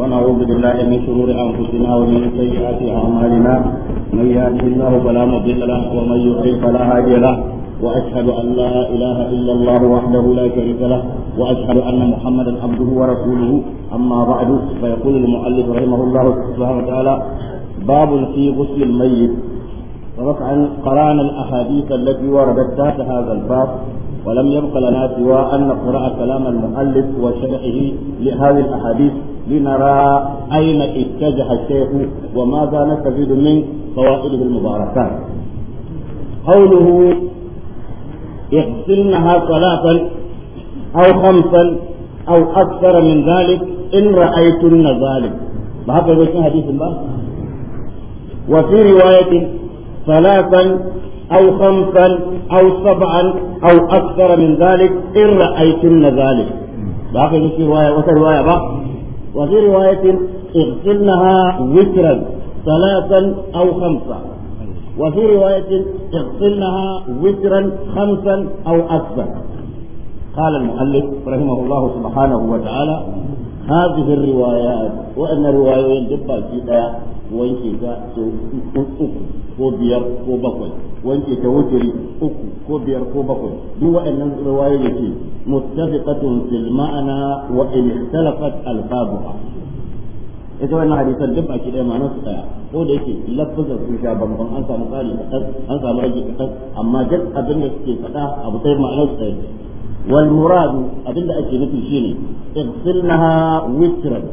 ونعوذ بالله من شرور انفسنا ومن سيئات اعمالنا من يهده الله فلا مضل له ومن يضلل فلا هادي له واشهد ان لا اله الا الله وحده لا شريك له واشهد ان محمدا عبده ورسوله اما بعد فيقول المؤلف رحمه الله سبحانه وتعالى باب في غسل الميت رفعا قرانا الاحاديث التي وردت تحت هذا الباب ولم يبق لنا سوى أن نقرأ كلام المؤلف وشرحه لهذه الأحاديث لنرى أين اتجه الشيخ وماذا نستفيد من فوائده المباركات قوله اغسلنها ثلاثا أو خمسا أو أكثر من ذلك إن رأيتن ذلك ما هذا حديث الله وفي رواية ثلاثا أو خمسا أو سبعا أو أكثر من ذلك إن رأيتن ذلك داخل في رواية روايه بقى وفي رواية اغسلنها وترا ثلاثا أو خمسا وفي رواية اغسلنها وترا خمسا أو أكثر قال المؤلف رحمه الله سبحانه وتعالى هذه الروايات وأن الروايين جبا في wanke ta so uku ko biyar ko bakwai wanke ta wuturi uku ko biyar ko bakwai duk waɗannan da ke muttafiqatun fil ma'ana wa in ikhtalafat babuha ita wannan hadisan duk baki ɗaya ma'anar su daya ko da yake lafazin sun sha bambam an samu tsari kaɗan an samu rage kaɗan amma duk abin da suke faɗa abu sai ma'anar su daya wal muradu abinda ake nufi shine igsilnaha witran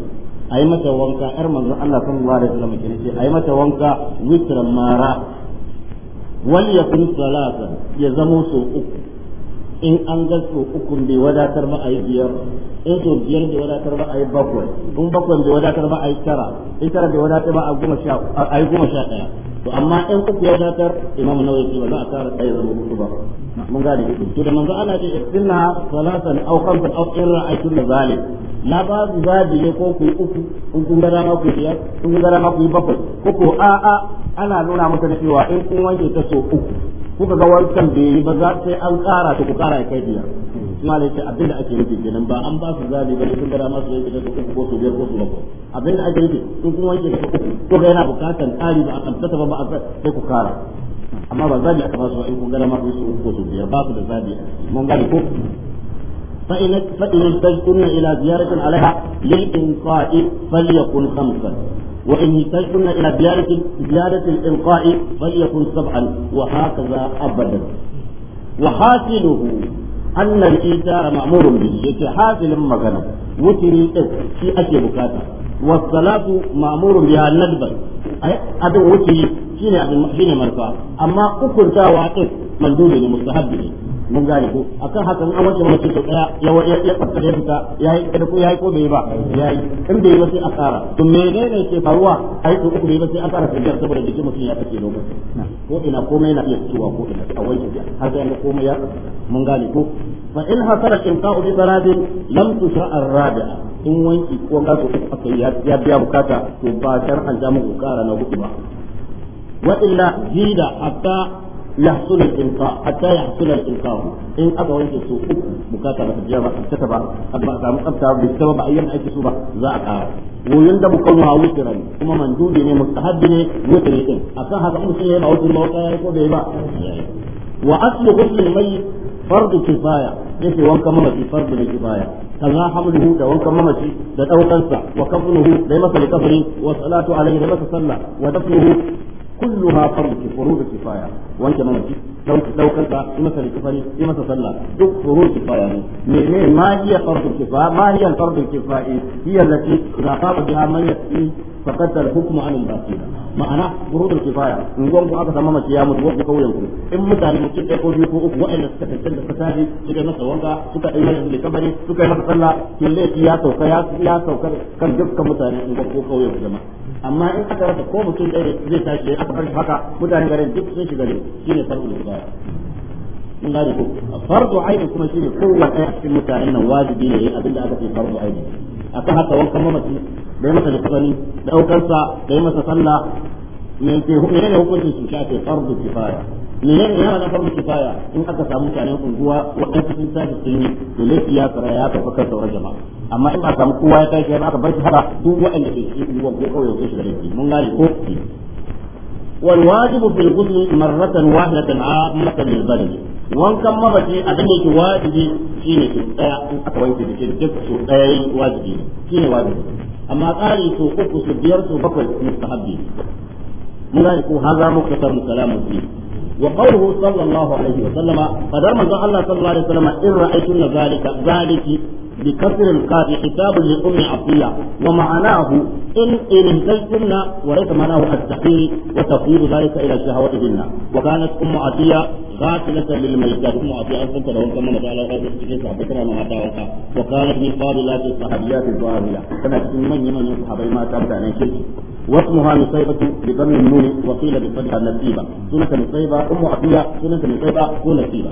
a yi mata wanka yar manzon Allah sallallahu alaihi wasallam kin ce a yi mata wanka witran mara wal yakun salatan ya zamo so uku in an ga so uku bai wadatar ba a yi biyar in so biyar bai wadatar ba a yi bakwai in bakwai bai wadatar ba a yi tara in tara bai wadatar ba a yi goma sha daya to amma in uku ya zatar imam nawawi ce ba za a tsara tsaye zama mutu ba mun gane ku to da manzo ana ce istinna salatan aw khamsan aw irra aytun zalim la ba su zabi ne ko ku uku in kun gara ma ku biyar in kun gara ma ku bakwai ko ko a a ana nuna maka cewa in kun wanke ta so uku kuka ga wancan bai yi ba za sai an kara ta ku kara ya kai biyar kuma da yake abin da ake nufi kenan ba an ba su zabi ba sun gara masu yanke su uku ko su biyar ko su bakwai abin da ake nufi sun kuma wanke su uku ko ga yana bukatan tsari ba a kamtata ba ba a sai ku kara amma ba zabi aka ba su ba in kun gara masu su uku ko su biyar ba su da zabi mun gane ko فإن فإن احتجتن إلى زيارة عليها للإنقاء فليكن خمسا وإن احتجتن إلى زيارة زيادة الإنقاء فليكن سبعا وهكذا أبدا وحاصله أن الإيتار مأمور به يتي حاصل مغنى وتري في أشي بكاتا والصلاة مأمور بها ندبا أدو وتري شيني مرفع أما أكل تاوى مندوب مستحب mun gane ko akan haka an wace mace ta daya ya ya tsakare ya yayi kada ko yayi ko bai ba yayi in bai ba sai a tsara to menene ke faruwa ai to uku bai ba sai a tsara sai saboda jiki mutum ya take lokaci ko ina komai na iya cewa ko ina a wanke har sai na komai ya mun gane ko fa in hasara imta'u bi baradin lam tusra ar-rabi'a in wanki ko ga ko aka ya biya bukata to ba an jamu kara na hudu ba wa illa jida hatta يحصل الإلقاء حتى يحصل الإلقاء إن أبوا يجلسوا مكاتبة الجامعة ba أبقى مكتبة بسبب أيام أي كسوبة ذاك ويندم كونها وترا كما مندوب ne mustahabbi ne wutri din akan haka in sai ba wutri ba ko bai ba wa aslu ghusl al-mayyit fardu kifaya yace wanka mamaci fardu da kifaya kaza hamluhu da wanka mamaci da daukansa wa kafnuhu da masa likafri wa salatu alaihi da masa sallah wa dafnuhu كلها فرض فروض كفاية وانت ما نجي لو لو كنت مثلا كفاية كما تصلى دك فروض كفاية يعني ما هي فرض الكفاية ما هي الفرض الكفائي هي التي إذا قام بها من يأتي فقد الحكم عن الباقين ma'ana furudul kifaya ungon ku aka samu mace ya mutu wanda kauyen ku in mutane mutum ɗaya ko biyu ko uku wa'anda suka tantance da fasadi suka masa wanka suka yi masa da kabari suka yi masa sallah to laifi ya sauka ya sauka kan dukkan mutane ungon ko kauyen ku amma in aka rasa ko mutum ɗaya zai tashi ya aka farshi haka mutane garin duk sun shiga ne ne farko da ba in ga ko farko aini kuma shi shine kowa ɗaya cikin mutanen nan wajibi ne abinda aka ce farko aini ka haka wankan mamaci da ya masa da tsani da ɗaukarsa da ya masa sallah ne ke hukunci su shafe farko kifaya menene ne nan farko kifaya in aka samu mutanen unguwa waɗansu sun tashi sun yi to ne ya fara ya kafa kan sauran jama'a amma in samu kowa ya tashi ya aka bar shi haka duk waɗanda ke cikin unguwa ko kauye ko shi da laifi mun gane ko والواجب في الغسل مرة واحدة عامة للبلد وان كان مبتي أدنك ne شيني سوء أكوانك بشيء سوء واجبي شيني واجبي أما قالي سوء أكو سبير بقل مستحبي مغارك هذا مختصر كلام فيه وقوله صلى الله عليه وسلم قدر من الله صلى الله عليه وسلم إن رأيتن ذلك ذلك بكسر القاف كتاب لأم عطية ومعناه إن إن اهتزتن وليس معناه التحقير وتفويض ذلك إلى شهوتهن وكانت أم عطية غافلة للملكات أم عطية أنت لهم كما قال غير الشيخ بكرة ما أتاوك وكانت من فاضلات الصحابيات الظاهرة كانت من يمن الصحابي ما تبدأ عن شرك واسمها مصيبة بضم النون وقيل بفتح النسيبة سنة مصيبة أم عطية سنة مصيبة ونسيبة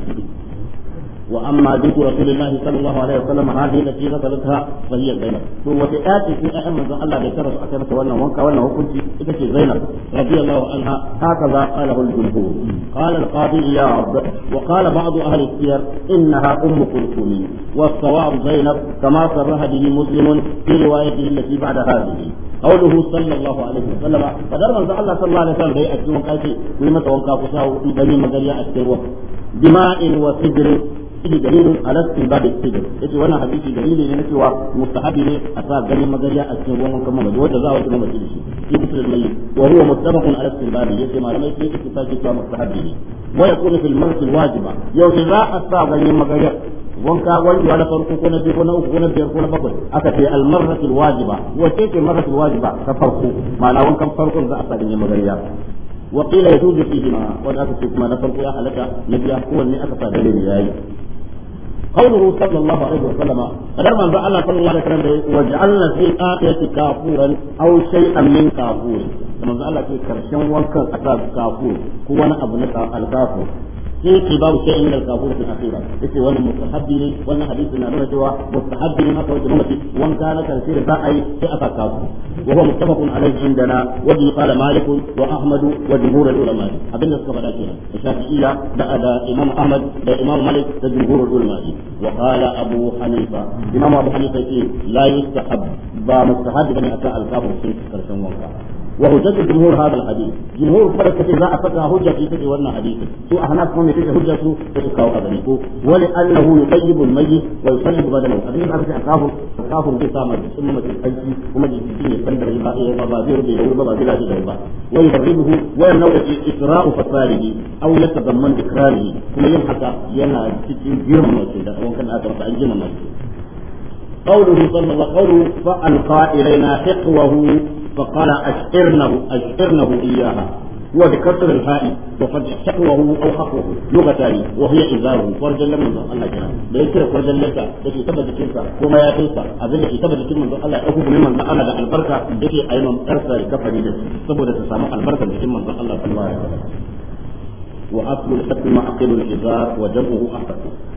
واما ذكر رسول الله صلى الله عليه وسلم هذه التي ذكرتها فهي زينب ثم تاتي في ايام من الله ذكر اكلت وانا وانكا وانا وكنت تكي زينب رضي الله عنها هكذا قاله الجمهور قال القاضي اياب وقال بعض اهل السير انها ام كلثوم والصواب زينب كما صرح به مسلم في روايته التي بعد هذه قوله صلى الله عليه وسلم فدر من الله صلى الله عليه وسلم بيئة يوم قاتل ويمت وانكا قصاه بني مزريا السير دماء وسجر shi dalilin alastin ba da sijin yace wannan hadisi dalili ne na cewa mustahabi ne a sa ganin magariya a cikin ruwan wankan mamaci wanda za a wasu mamaci da shi shi kusa da dalili wa huwa muttabaqun ala istinbabi yace malamai sai su sake cewa mustahabi ne wa yakunu fil mansil wajiba yau za a sa ganin magariya wanka wankewa na farko ko na biyu ko na uku ko na biyar ko na bakwai aka ce almarratul wajiba wace ce marratul wajiba ta farko ma'ana wankan farkon za a sa ganin magariya وقيل يجوز فيهما kuma na farko ya يا حلقة نبيا هو أني أكفى دليل ياي قوله صلى الله عليه وسلم قدر من الله صلى الله عليه وسلم وجعلنا في آية كافورا أو شيئا من كافور من الله في كرشن وكر أساس كافور هو أبنك الكافور sai yake babu sai in yarda kafura ta kafura yace wannan mustahabbi ne wannan hadisi na nuna cewa mustahabbi ne haka wanka na karshe da za a yi sai aka kafu wa huwa muttafaqun alayhi indana wa bi qala abinda suka faɗa kenan shafi'iya da da imam ahmad da imam malik da jumhur al ulama wa qala abu hanifa imam ba mustahabbi ne aka alkafu karshen wanka وهجة جمهور هذا الحديث جمهور فرق إذا أفتها هجة في تجي ورنا حديث سوء أهناك من تجي هجة تتكاو أبنيكو ولأنه يطيب الميت ويصلب بدنه أبنيك أبنيك أخاف أخاف بسامة ثم الحج ومجلسين يتندر الباقي وبابير بيدور بابا بلا جدر ويضربه ويمنع إسراء فصاله أو يتضمن إكراره ثم يمحك ينا تجي جرم مسجد أو كان أترك أن جرم مسجد قوله صلى الله عليه وسلم قوله فألقى إلينا حقوه فقال أشعرنه أشعرنه إياها وبكسر الفاء وفتح شكوه او حقه لغتان وهي ازاره فرجا لم ينظر الله كلام da ya kira farjan lanta da ke taba jikinsa ko ma ya kinsa abin da ke taba jikin manzon Allah ya kuma manzon Allah da albarka da ke aiman karsa da kafani da saboda ta samu albarkar jikin manzon Allah sallallahu alaihi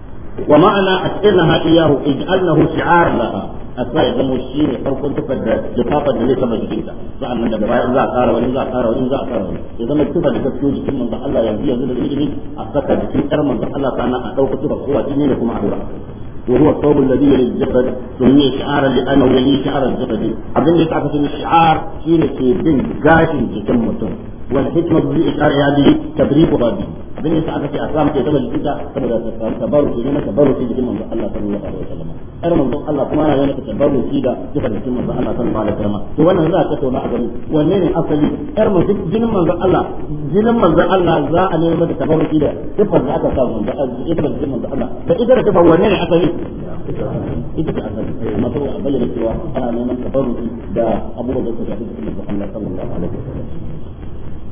ومعنى أسئلها إياه اجعلنه شعار لها أسماء يزمو الشيء فرق تفد جفافة جلية سمى جديدة فأنا نبي رأي إنزا أكار وإنزا أكار وإنزا أكار يزمو التفد جفتو جسم من ذا الله يزي يزيد الإجمي أسكى جسم من ذا الله تعالى أو كتب قوة جنين لكم عدورا وهو الثوب الذي يلي الجسد سمي شعارا لأنه يلي شعار الجسد أظن يتعرف أن الشعار شيء في بن جاشن جسم متون wal hikma bi iqariya bi tabrib wa bi abin da aka ce a samu ke saboda kita saboda tabarruki ne tabarruki jikin manzo Allah sallallahu alaihi wasallam kar manzo Allah kuma yana yana tabarruki da jikin jikin manzo Allah sallallahu alaihi wasallam to wannan za a a gani wanne ne asali kar manzo jinin manzo Allah jinin manzo Allah za a nemi mata tabarruki da sifar da aka samu da ita jikin manzo da ita da sifar wanne ne asali ita ce asali amma saboda a bayyana cewa ana neman tabarruki da abubuwan da suka shafi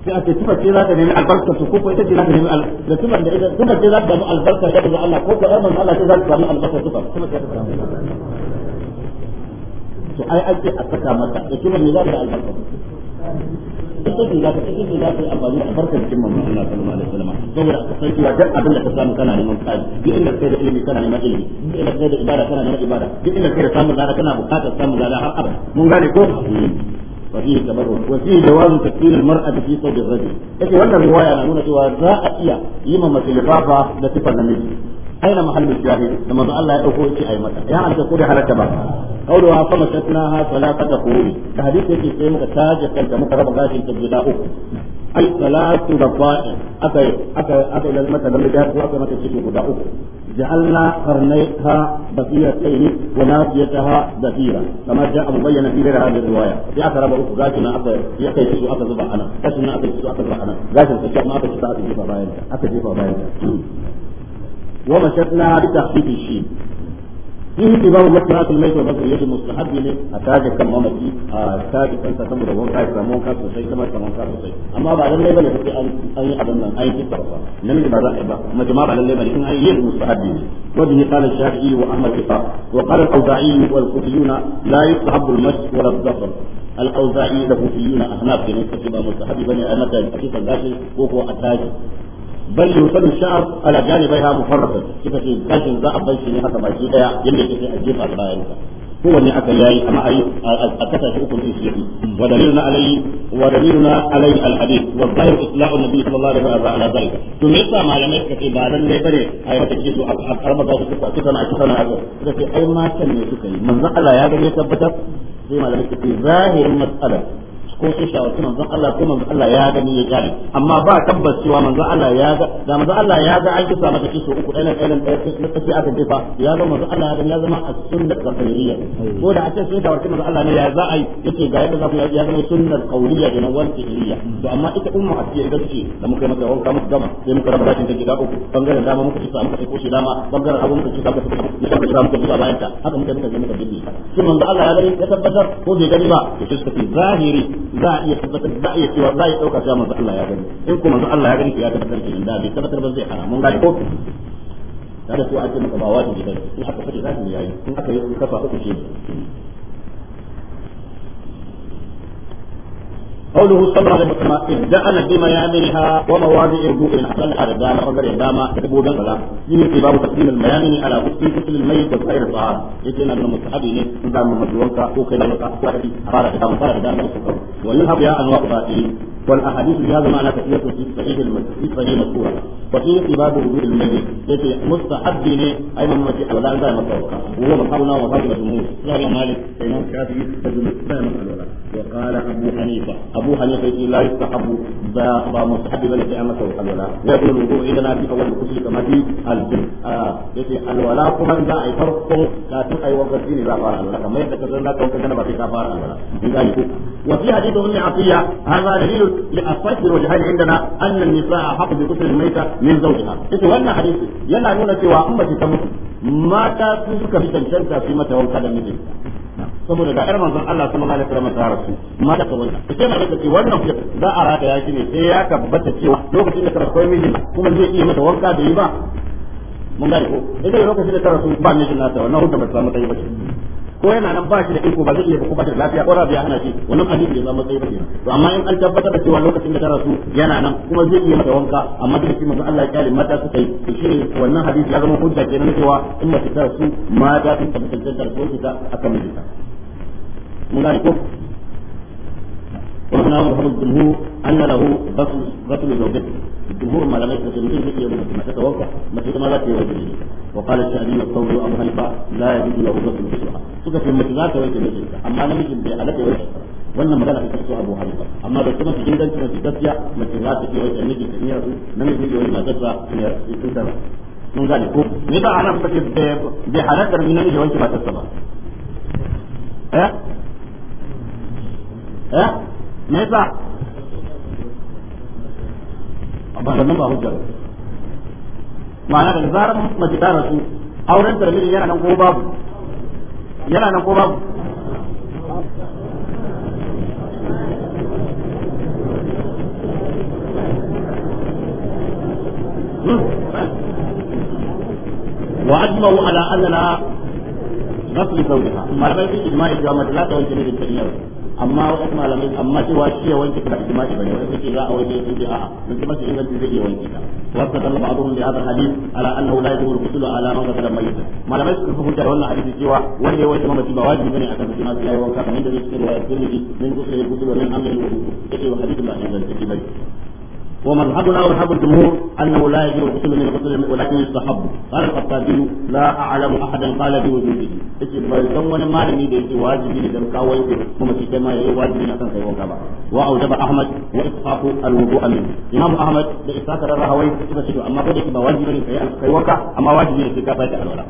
sai ake tuba ce za ta nemi albarkar su ko ita ce za ta nemi da tuba da ita tuba ce za ta nemi albarkar ya daga Allah ko ko ai manzo Allah ce za ta samu albarkar tuba tuba ce ta samu to ai ake a saka mata da tuba ne za ta albarkar ita ce za ta ita ce za ta amfani da albarkar cikin manzo Allah sallallahu alaihi wasallam saboda ka san cewa duk abin da ka samu kana neman tsari duk inda kai da ilimi kana neman ilimi duk inda kai da ibada kana neman ibada duk inda kai da samun lada kana buƙatar samun lada har abada mun gane ko وفيه تبرج وفيه جواز تكفير المرأة في صوب الرجل. لكن هذا الرواية نقول سواء ذا أتيا إما مثل الرافع لتفر النبي aina mahallin shahidi da manzo Allah ya dauko yace ayi mata ya halatta ko da halatta ba kauluha fa masatnaha salaqata qurun da hadisi yake sai muka taje kanta muka raba gashin ta guda uku ai salatu rafa'in aka aka aka ilal mata da da ko aka mata ciki guda uku ja'alna qarnayha basiratayn wa nafiyataha basira kama ja'a mubayyana fi da hadhihi riwaya ya aka raba uku gashin aka ya kai su aka zuba ana gashin aka su aka zuba ana aka ci ta aka jefa ومسكناها بتخفيف الشين فيه إمام مكرات الميت والنظر يجب مستحب ne a taje kan mamaki a taje kan sa saboda wanka ya samu wanka sosai kamar samu wanka sosai amma ba lallai bane sai an an yi abin nan an yi kisa ba namiji ba za a yi ba mace ma ba lallai bane in an yi mustahabbi ne wajen ya kana shafi'i wa ahmad kifa wa qala al-awza'i wal kutiyuna la yustahabbu wala ba a ko ko a taje bal yusadu sha'r ala janibaiha mufarradan kika ce gashin za a bar shi ne haka baki daya yanda kike a jefa da bayan ka ko wanne aka yayi amma ai a kasa shi hukunci shi yake wa dalilna alai wa dalilna alai al hadith wa zahir islahu nabi sallallahu alaihi wa sallam ala zalika to me yasa malamai suka ce ba lalle bane ai wata kike so a karba ga kuka kika na kika na haka kika ce ai ma kan ne suka yi manzo Allah ya gani tabbatar sai malamai suka ce zahirin mas'alar ko sun shawarci manzon Allah ko manzon Allah ya gani ya gane amma ba tabbas cewa manzon Allah ya ga da manzon Allah ya ga an kisa mata kiso uku ɗaya ɗaya ɗaya na kashi aka jefa ya zama manzon Allah ya zama a sunnar qauliyya ko da a ce sun shawarci manzon Allah ne ya za a yi yace ga yadda za ku ya zama sunnar qauliyya da nan wani fi'liyya to amma ita ummu asiya ita ce da muka maka wanka muka gama sai muka raba rashin take da uku bangaren dama muka kisa muka ko shi dama bangaren abu muka kisa muka kisa muka kisa muka kisa bayan ta haka muka muka muka dinne shi manzon Allah ya gani ya tabbatar ko bai gani ba to sai zahiri za a iya tabbatar za a iya cewa za a cewa manzo Allah ya gani in kuma manzo Allah ya gani ya tabbatar kenan da bai tabbatar ba zai haramun ga ko da ko ake maka ba wajibi bane in aka fadi zaka yayi in aka yi kafa uku ce قوله صبر على المتمكن دعنا بميامنها ومواضع رجوع حسن على الدام فقر الدام كتبوا دم سلام يمكن باب تقديم الميامن على كل كتل الميت وسائر الطعام يجينا من المستحب اذا من مجلونك او كلامك او حدي قال دام قال دام ولنهب يا انواع الباطلين والاحاديث في هذا معنى كثيره في صحيح المسجد صحيح مذكوره وفي باب وجود الميت يجي مستحب اي من مجيء على دام زي ما وهو مصابنا ومصاب الجمهور لا مالك سيدنا الشافعي وقال ابو حنيفه abu hanifa sai an masa alwala wa kullu wudu idana fi awwal kusli alwala kuma za a yi kamar yadda ka san zaka wanka jana ba sai ka fara alwala in ga ku wa fi hadith ummi atiya hadha dalil li asfati wajhain indana anna wannan yana nuna cewa mata fi mata wanka da saboda da irman zan Allah sallallahu alaihi wasallam ta rasu ma da kawai to sai mai kace wannan fiye za a rata yaki ne. sai ya tabbata cewa lokacin da ta rasu miji kuma zai iya mata wanka da yi ba mun gane ko idan lokacin da ta rasu ba mijin ta wannan hukuma ba ta samu tayi ba ko yana nan ba shi da iko ba zai iya ko ba da lafiya ko rabiya ana shi wannan hadisi bai zama sai ba kenan to amma in an tabbatar da cewa lokacin da ta rasu yana nan kuma zai iya mata wanka amma da shi manzo Allah ya kare mata suka yi to shi wannan hadisi ya zama hujja kenan cewa in mace ta rasu mata ta tabbata da rasu ta akan mijinta mun gane ko وهنا الجمهور أن له غسل غسل زوجته الجمهور ما لم يغسل زوجته يوم ما تتوقع ما تتما لا وقال الشعبي الثوري أبو حنيفة لا يجوز له غسل الصحة suka ce mace za ta wanke أما amma namijin bai halatta wanke wannan magana ta kasu abu ba amma da kuma cikin danci na gaskiya mace za ta iya wanke mijinta ne yanzu namijin bai wanke matarsa ne yanzu sun mun gane ko ne ba ana fata bai halatta namijin wanke matarsa ba eh eh me yasa ba da nan ba hujja ma'ana da zarar mace ta rasu auren tarbiyyar yana nan ko babu yana nan ko babu وأجمعوا على أن غسل زوجها ما لم يكن إجماع الجامعة لا تولد بالتنين amma wasu malamai amma cewa shi yawanci wanke ci kuma shi bane wanda yake za a wanke sun ce a'a sun ce mashi inganci zai iya wanke ta wa qad Allah ba'dhum bi hadha hadith ala annahu la yajibu al ala man qatala mayyit malamai sun hukunta wannan hadisi cewa wanda ya wanke mamaci ba wajibi bane akan shi ma sai ya wanka kamar da zai cikin riwayat Tirmidhi min ghusl al-ghusl min amri al-wudu yake wa hadithu la inganci bane ومذهبنا ومذهب الجمهور انه لا يجوز غسل من غسل ولكن يستحب قال الخطابي لا اعلم احدا قال بوجوده yace bai san wani malami da yake wajibi ne dan kawo ma yayi wajibi ne kan kai wanka ba ahmad wa ishaqu alwudu'a ahmad da ishaq da rahawai ba wajibi amma wajibi ka alwala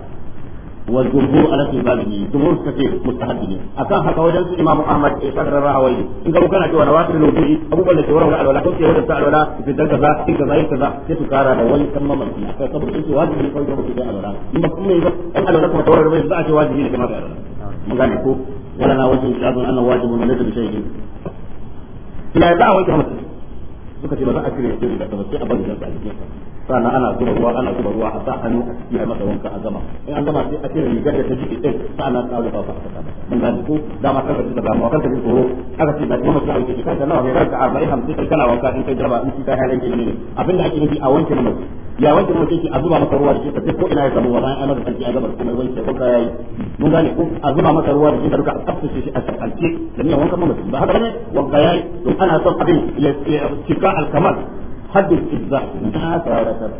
والجمهور على استحبابه جمهور كثير مستحب ne akan haka wajen su imamu ahmad ya sadar rawayi in ga kana cewa rawatul wudu'i abubuwan da ke warware alwala ko ke warware alwala fi dan kaza in kaza in kaza sai su kara da wani kan mamaki akan saboda in su wajibi ne kawai ga mutum da alwala in ba kuma ba an alwala kuma tawar bai za a ce wajibi ne kamar da alwala mun gane ko wala na wajibi shi azan annahu wajibun a cire a bari sana ana zuba ruwa ana zuba ruwa a hannu a ciki a masa wanka a gama in an gama sai a cire rigar da ta jike din sana ta zuba alfa a kasa mun ga ko dama kan da ba mu kan da tsoro aka ce da kuma ta alƙi ka da nawa ne ranka 40 50 kana wanka in kai jaraba in shi halin kin ne abinda ake nufi a wanke mu ya wanke mu sai a zuba masa ruwa da ke ko ina ya samu wa ana da kanki a gaba kuma wanke ko ka yi mun gane ko a zuba masa ruwa da ke duka a tsaftace shi a tsaftace da ne wanka mu ba haka ne wanka yayi to ana son abin ya cika alkamal haddul izza ta tsaratar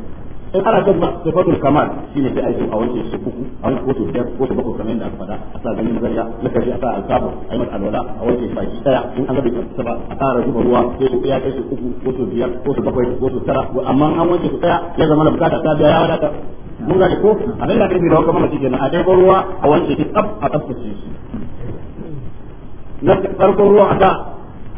in ana kan ba sifatul kamal shine sai aikin a wancan su kuku a wancan ko da biyar ko bakwai kamar yadda aka faɗa a sa ganin zariya na kashi a sa alkabu a yi mata alwala a wancan shi baki daya in an ga bai karɓi ba a tsara zuba ruwa sai su iya kai su kuku ko biyar ko bakwai ko su tara amma an wancan su daya ya zama na bukata ta biya ya wadata mun gane ko abin da karfi da wakama mace kenan a ko ruwa a wancan shi tsaf a tsaftace shi na farkon ruwa a da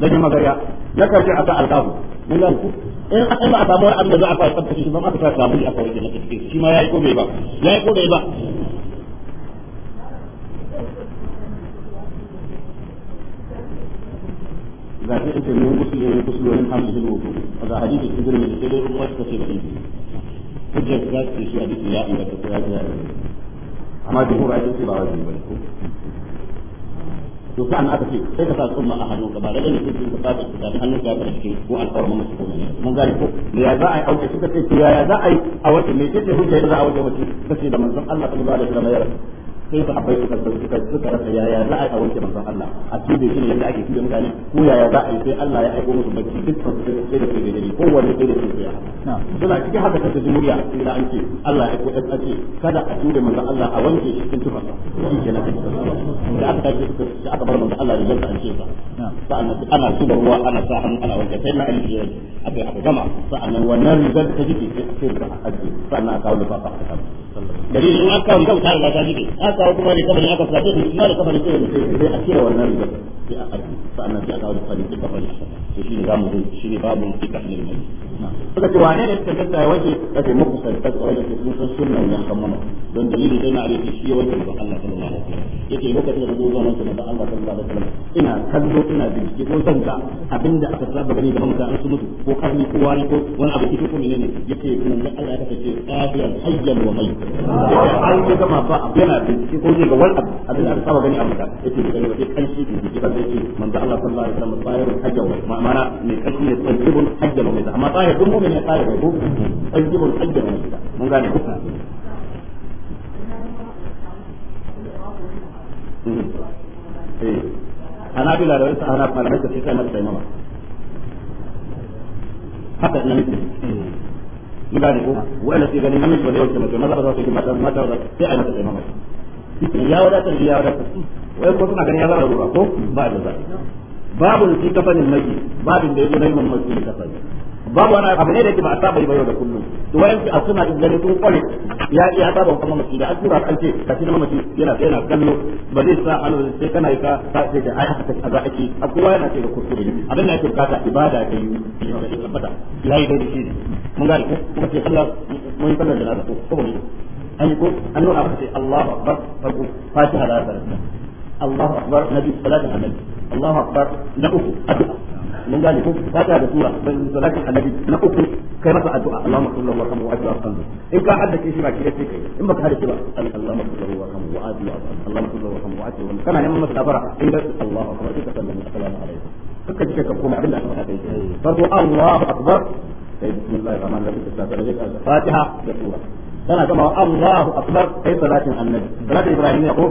da jin magariya ya karshe a kan alƙabu mun gane ku in aka ba a samu wani abin da za a fara tsabtace shi ba ma ka samu ya kawai da na shi ma yayi ko bai ba yayi ko bai ba ga shi ita ne musu ne musu ne an hamdu da wudu ga hadisi cikin girmi da dai ruwa ta ce ba ni hujjar da ce shi hadisi ya da ta ya amma jumhur ai ba wajibi ba ko to an aka ce sai ka sa tsumma a hannunka ba lalle ne sai ka sa ta da hannunka ya farke ko alfarma musu ko ne mun gane ko ya za a yi auke suka ce ya za a yi a wace me ce hujja za a wace wace kace da manzon Allah sallallahu alaihi wasallam ya rasu sai ba abai suka suka suka rasa yaya za a yi wanke manzon Allah a cikin shi ne yadda ake cikin mutane ko yaya za a yi sai Allah ya aiko musu bacci duk su da sai da kai da ko wani sai da sai ya suna cikin haka ta jumuriya sai an ce Allah ya aiko a ce kada a cikin manzon Allah a wanke shi cikin tufa shi kenan da aka tafi suka aka bar manzon Allah da yadda an ce sa sa'annan ana zuba ruwa ana sa hannu ana wanke sai na alji a aka aka gama sa'annan wannan rigar ta jike sai a ce ba a aka wuce da fafa a kan dalilin an kawo da ta riga ta jike kawo kuma ne kamar aka sace ne kuma da kamar sai sai a cire wannan riga sai a ƙarfi sa'annan sai a kawo da fari da kafar to shi ne zamu zo shi ne babu fi tahlil mai suka ce wane ne suka tattara wace kace muku sai ta tsawon da sun san sunnan ya kammala don dalili dai na arewa shi ya wajen da Allah sallallahu alaihi wasallam yake lokacin da zuwa nan da Allah sallallahu alaihi wasallam ina kallo ina bincike ko zan ga abinda aka saba gani gaban ka an su mutu ko karni ko wani ko wani abu kike ko menene yake kuma da Allah ya kace qadiyan hayyan wa mayyit an ga ma ba yana bincike ko zai ga wani abu abinda aka saba gani a ka yake da kan shi bincike da yake manzo Allah sallallahu alaihi wasallam tsayar hajja wa ma'ana ne kashi ne tsajibul hajja wa mai amma tsayar duk mu'min ne tsayar wa duk tsajibul hajja wa mai mun gane ku eh ana bila da wata ana fara hajja sai kai mata imama haka nan ne mun gane ku wa'ala sai ganin namiji wanda yake mace maza ba za su yi mata mata ba sai a mata imama ya wadatar ya wadatar wai ko suna ganin ya zama larura ko ba da zai babu fi kafanin maji babin da yake naiman maji da kafanin babu wani abu ne da yake ba a saba yi yau da kullum to wai a suna ganin sun kware ya ya saba kuma maji da asura an ce ka ci maji yana yana gallo ba zai sa alo sai kana yi ka ka sai da ai haka ga ake a kowa yana ce da kurkure ne abin da yake bukata ibada ta yi ibada ibada yi da shi mun ga ko kuma ce Allah mun yi kallon da ko ko an yi ko an nuna aka ce Allahu akbar fa ko fatiha da Allahu akbar nabi salatin annabi Allahu akbar na uku addu'a da sura annabi na uku kai masa addu'a Allahumma kullu wa kamu wa addu'a in ka haddace shi ba ki kai in baka haddace ba Allahumma kullu wa kamu wa addu'a kana neman masa gafara in da Allahu akbar kika sallama assalamu alaikum kaka kike ka koma abinda aka abar kai farko fatiha da sura tana gama Allahu akbar kai salatin annabi salatin ibrahim ya ko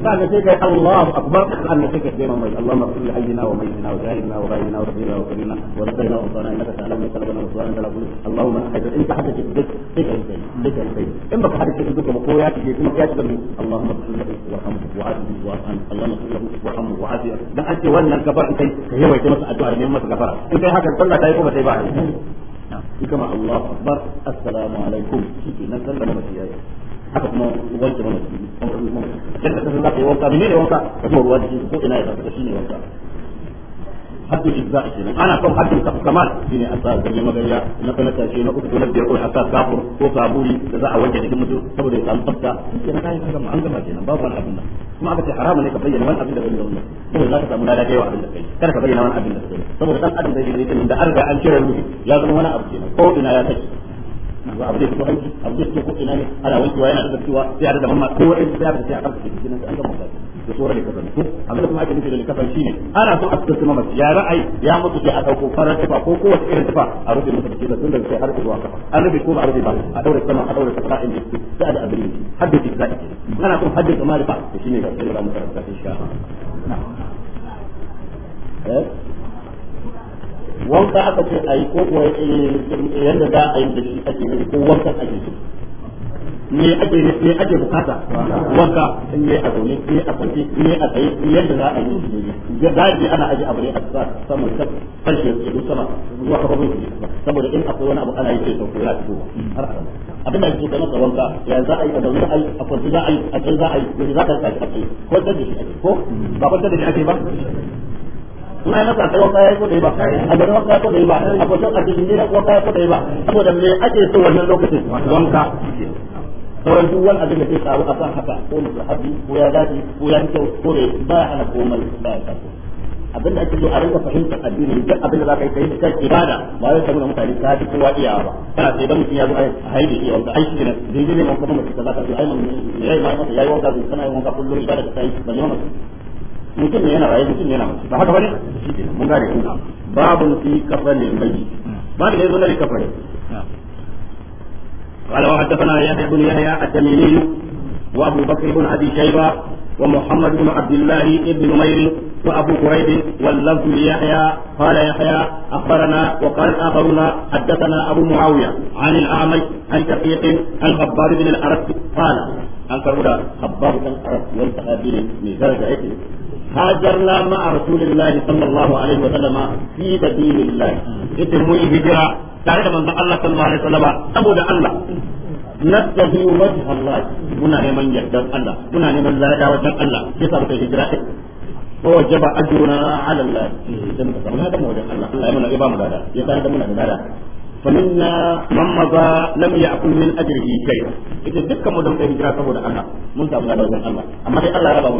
kana sai kai Allahu akbar kana sai kai mai Allahumma salli alayna wa mayyina wa jahilna wa rabbina wa rabbina wa rabbina wa rabbina wa rabbina innaka ta'lamu qalbana wa su'alana la kullu Allahumma ahad in ka hada kike duk sai kai in baka hada kike duk ko ya kike kuma ya kike Allahumma salli wa hamdu wa adu wa an Allahumma salli wa hamdu wa adu dan ake wannan gabar kai kai wai masa addu'a ne masa gafara in kai haka sallah ta ko ba tayi ba كما الله أكبر السلام عليكم شكي نسل لنا مسيحي haka kuma wanke mana kuma kuma da ta zaka yi wanka menene wanka kuma ruwa da ko ina ya tafi shine wanka haddul izza kenan ana son haddul kamal shine a sa garin magariya na falaka shi na uku ko na biyar ko a sa kafur ko kaburi da za a wanke jikin mutu saboda ya samu tsafta shi ne kayan gama an gama kenan babu wani kuma aka ce haramun ne ka bayyana wani abin da kai da wannan saboda za ka samu lada kai wa abin da kai kada ka bayyana wani abin da kai saboda dan adam da da an cire ya zama wani abu kenan ko ina ya take ba abu da ya aiki hanci abu da ya fito ne ana wankewa yana da cewa sai a da mamma ko wani sai a da sai a karfafa shi nan an gama ba da tsoron da kafan ko abin da kuma ake nufi da kafan ne. ana so a tsaka mamma ya ra'ayi ya mutu sai a dauko farar tafa ko kowace irin tafa a rufe masa cikin tun daga sai har zuwa kafa an rufe ko ba a rufe ba a daure sama a daure kafa in sai a da abin haddace zai ana so haddace ma'rifa shine da shi ne sai da mu karanta insha Allah na'am eh wanka aka ce a yi ko kuwa eh, eh, yadda za a yi da shi ake yi ko wankan ake yi me ake me ake bukata wanka in ne a zaune ne a kwanci ne a tsaye yadda za a yi da daji ana aje abu ne a sa sama ta karshe ya zo sama zuwa kafafun su saboda in akwai wani abu ana yi sai sauko ya fito har abin da wanka ya za a yi a zaune a kwanci za a yi a tsaye za a yi yadda za ka sa a tsaye ko da shi ake ko ba kwanci da shi ake ba na na kwata wanka ya dai ba a gari wanka ko dai ba a ko kwata a cikin ko wanka ya dai ba saboda me ake so wannan lokacin wanka sauran duk wani abin da ke tsaro a kan haka ko musahabi ko ya dace ko ya kyau ko dai ba ya hana komai ba ya kaso abin da ake so a rinka fahimtar addini duk abin da za ka yi kai kai ibada ba zai samu mutane ka ji kowa iya ba kana sai dan mutum ya zo a haide shi wanda aiki ne dai dai ne mun kuma mutum za ka ji ai mun yayi ma yayi wanka kana yin wanka kullum ibada ka yi ba ne mutum ne yana raye mutum ne yana mace ba haka bane mun gane kun babun fi kafanin mai babu da yazo na kafanin قال وحدثنا يحيى بن يحيى التميمي وابو بكر بن ابي شيبه ومحمد بن عبد الله بن نمير وابو كريب واللفظ ليحيى قال يحيى اخبرنا وقال اخرون حدثنا ابو معاويه عن الاعمش عن شقيق عن خباب بن الارت قال an karbu da habbabu kan arab wani sahabi ne mai daraja yake هاجرنا مع رسول الله صلى الله عليه وسلم في سبيل الله إذ مي هجرة تعالى من الله صلى الله عليه وسلم أبو الله نستهي وجه الله هنا من يهدر الله هنا من لا يهدر الله يصير في هجرة ووجب أجرنا على الله هذا هو وجه الله الله يمنع إبام هذا يساعد من هذا فمنا من مضى لم يأكل من أجره شيئا إذا ذكر مدن في هجرة فهو الله من تعمل هذا الله أما الله يبغى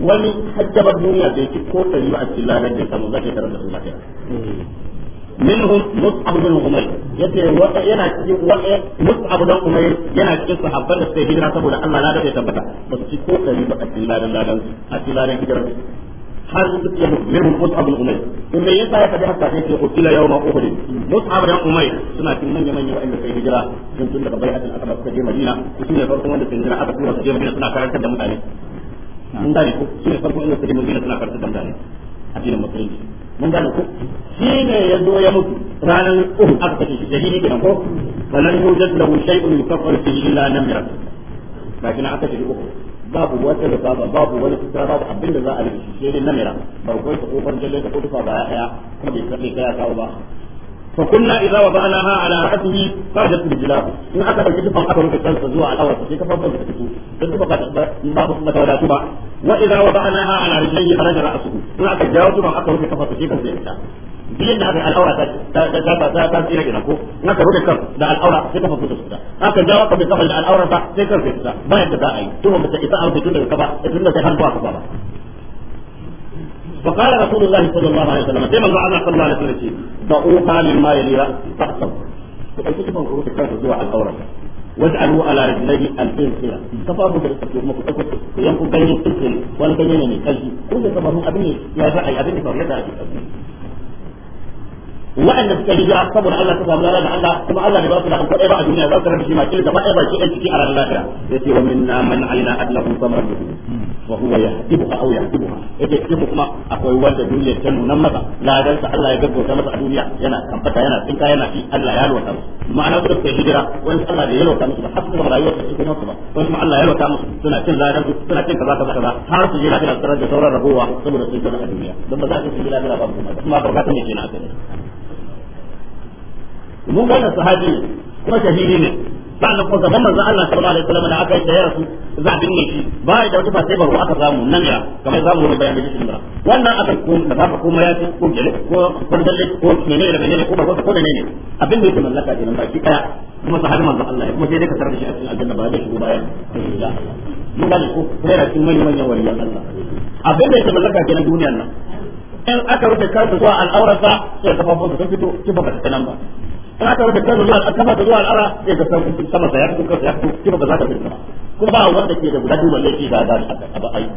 wani hajjabar duniya da yake ko tari a cikin lanar da samu zai tarar da su lafiya منهم مصعب بن عمير yace wata yana cikin wani eh, mus'ab dan umayr yana cikin sahabban da suka hijira saboda Allah na da tabbata ba su ci ko kari ba a cikin ladan ladan a cikin ladan hijira har su ya min mus'ab bin umayr in yasa ya kaji haka sai kila yau ma uhud mus'ab bin umayr suna cikin manyan manyan wanda sai hijira tun tun daga bai'atul aqaba suka je madina su ne farkon wanda sai hijira aka tura su je madina suna karantar da mutane mun gane ko shi ne farko inda suke madina suna karatu da mutane addinin musulunci mun gane ko shi ne ya zo ya mutu ranar uhud aka kashe shi shahidi kenan ko falan yujad lahu shay'un yukaffaru fihi illa namira lakin aka kashe uhud babu wata da baba babu wani fitara babu abin da za a rubuce shi ne namira barkwai ta kofar jalle ta kofa ba ya kuma bai kalle ya kawo ba فكنا اذا وضعناها على راسه خرجت رجلاه ان اكثر الكتب فقط في الشمس على الاول في كفر في الكتب الكتب فقط باب ولا تبع واذا وضعناها على رجليه خرج راسه ان جاوز ما في biyan da aka al'aura ta ta ta ta tsira kenan ko na ka rubuta kan da al'aura sai ka fito da aka jawo ka bi kafal da al'aura ta sai ka da bayan da za a yi to ba ta isa a fito daga kafa tunda sai har ba ka ba فقال رسول الله صلى الله عليه وسلم كما الله صلى الله عليه وسلم دعوها مما يلي رأس تحسب فأنت تبقى الغروب الكافر زوع عن أورك واجعلوا على رجليه ألفين خيرا تفاهم برسك يوم كتبت ينقل بين السجن ولا بين الكلب كل تفاهم أبني يا جاعي أبني فريدا أبني waɗanda suka yi saboda Allah ta samu da Allah kuma Allah ne ba su da abu ba a duniya za su rabu shi ma kila gaba ɗaya ba shi ɗan ciki a ranar lafiya yace wa minna man alina wa kuma akwai wanda duniya ta nuna masa ladan sa Allah ya gaggauta masa a duniya yana kamfata yana tsinka yana fi Allah ya musu ma'ana su suka hijira wani Allah da ya lwata musu ba har su rayuwar su cikin ba wani kuma Allah ya musu suna cin ladan su suna cin kaza kaza kaza har su da sauran ragowa saboda sun a duniya don ba za su yi lafiya ba kuma ba ka ne kenan a mun wannan sahabi ne kuma shahidi ne sannan kuma gaban manzon Allah sallallahu alaihi wasallam da aka yi da yarsu zabin ne shi ba da wata fasai aka samu nan ya kamar zamu mu bayani shi ba wannan aka ko da ba ko ya ci ko gele ko ko ko ne da ne ko ba ko ne ne abin da yake mallaka ne ba shi kaya kuma sahabi manzon Allah kuma sai ka tarbi shi a cikin aljanna ba da shi ba ya mun ko kuma da cikin manyan manyan waliyan Allah abin da yake mallaka ke na duniyar nan in aka rufe kansu zuwa al'aurarsa sai kafafunsa sun fito kifa ba ta nan ba ka ta rubuta zuwa sama da zuwa al'ara sai sama da ya fito kansa ya fito kuma ba za fito kuma ba wanda ke da guda da da a ai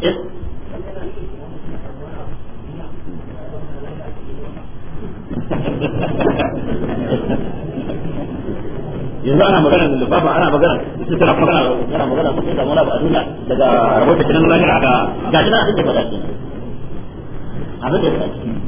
eh? yanzu ana magana da lufafa ana magana su tara magana ana magana da sai da ba a duniya daga rahoton kinan lahira ga gashi na a da ba da abin da ya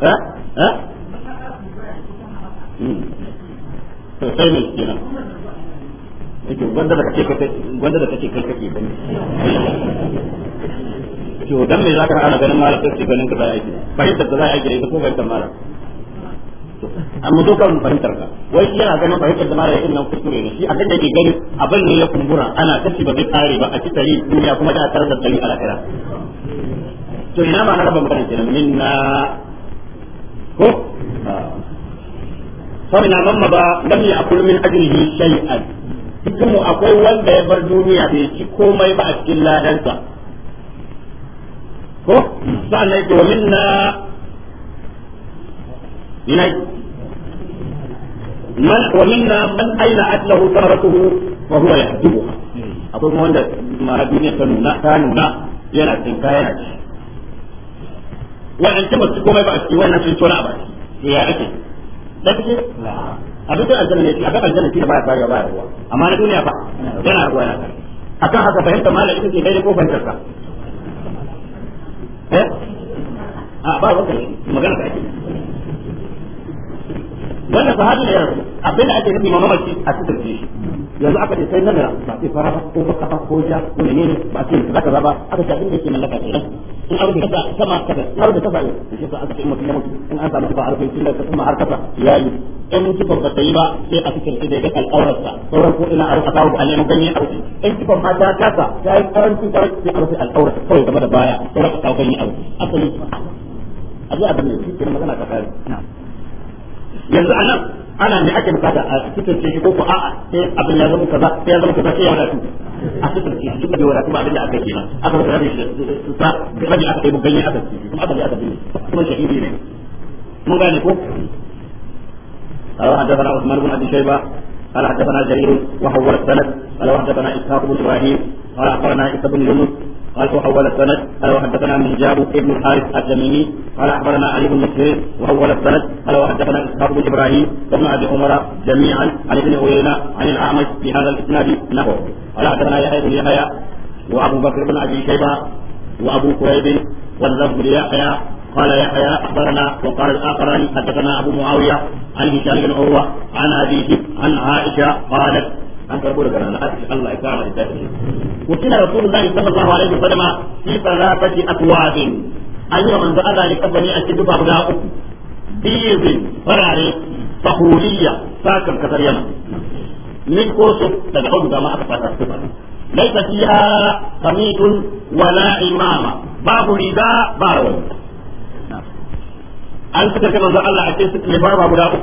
ha ha sosai hmm. ne gwanda da kake gwanda da kake kai kake bane to dan me zaka ana ganin sai ganin ka aiki da zai aiki amma kan fahimtar ka wai yana ganin fahimtar da nan kuskure ne shi gani abin ne ya kumbura ana kashi ba zai kare ba a ci duniya kuma da tarar da a lahira to ina ma na raba magana kenan minna ko ah. na من مضى لم يأكل من أجله شيئا kuma akwai wanda ya bar duniya bai ci komai ba a cikin ladansa ko sa'annan yake domin na minna aina atlahu wa huwa akwai wanda ma duniya yana cin wa ba su komai ba a ciki wannan sun tona a baki to ya ake da a abin da aljanna ne a ga aljanna shi da baya baya baya ruwa amma na duniya fa yana ruwa yana akan haka fahimta mala ita ce daidai ko fahimtar ka eh a ba wannan magana ta ake wannan sahabi ne yanzu abinda ake nufi ma mamaci a cikin shi yanzu aka ce sai na nan ba sai fara ba ko baka ko ja ko ne ne ba sai za ka zaba aka ce abinda ke mallaka ne in aure da kasa sama kasa in aure da kasa ne shi sa aka ce mutum ya mutu in an samu ba arfe tun da kuma har kasa yi in mutum ba ta yi ba sai a cikin shi da ga al'aurarsa sauran ko ina aure kawo ba ne ganye aure in mutum ba ta kasa ta yi karanci karanci sai aure al'aurarsa kawai game da baya sauran kawo ganye aure asali a zai abin da shi ke magana ta kare na'am yanzu nan ana ne ake bukata a cikin ce ko ko a'a sai abin ya zama kaza sai ya zama kaza sai ya wadatu a cikin ce duk da wadatu ba abin da aka kenan aka da shi sa rabi aka yi aka ciki kuma aka yi aka bi kuma shahidi ne mun gane ko قال fara عثمان بن ابي شيبه قال حدثنا جرير وحول السند قال وحدثنا اسحاق بن ابراهيم قال اخبرنا عيسى بن يونس قال وحول السند قال وحدثنا منجاب بن الحارث التميمي قال اخبرنا علي بن مسير وحول السند قال وحدثنا اسحاق بن ابراهيم وابن ابي عمر جميعا عن ابن عيينه عن الاعمش بهذا الاسناد نحو قال حدثنا يحيى بن يحيى وابو بكر بن ابي شيبه وابو كريب واللفظ ليحيى قال يحيى اخبرنا وقال الاخر حدثنا ابو معاويه عن هشام بن عروه عن ابيه عن عائشه قالت ان تقول لك أنا الله إكرام الدائمين. وكنا رسول الله صلى الله عليه وسلم في ثلاثة أكواب. أيها من بأى ذلك فني أكد بعضها أكو. بيض فراري فخورية ساكن كثر يمن. من كوسف تدعو بما أتقى تكتبها. ليس فيها قميص ولا إمامة. باب رداء باب. an suka kama zuwa Allah a ce su mai barba guda uku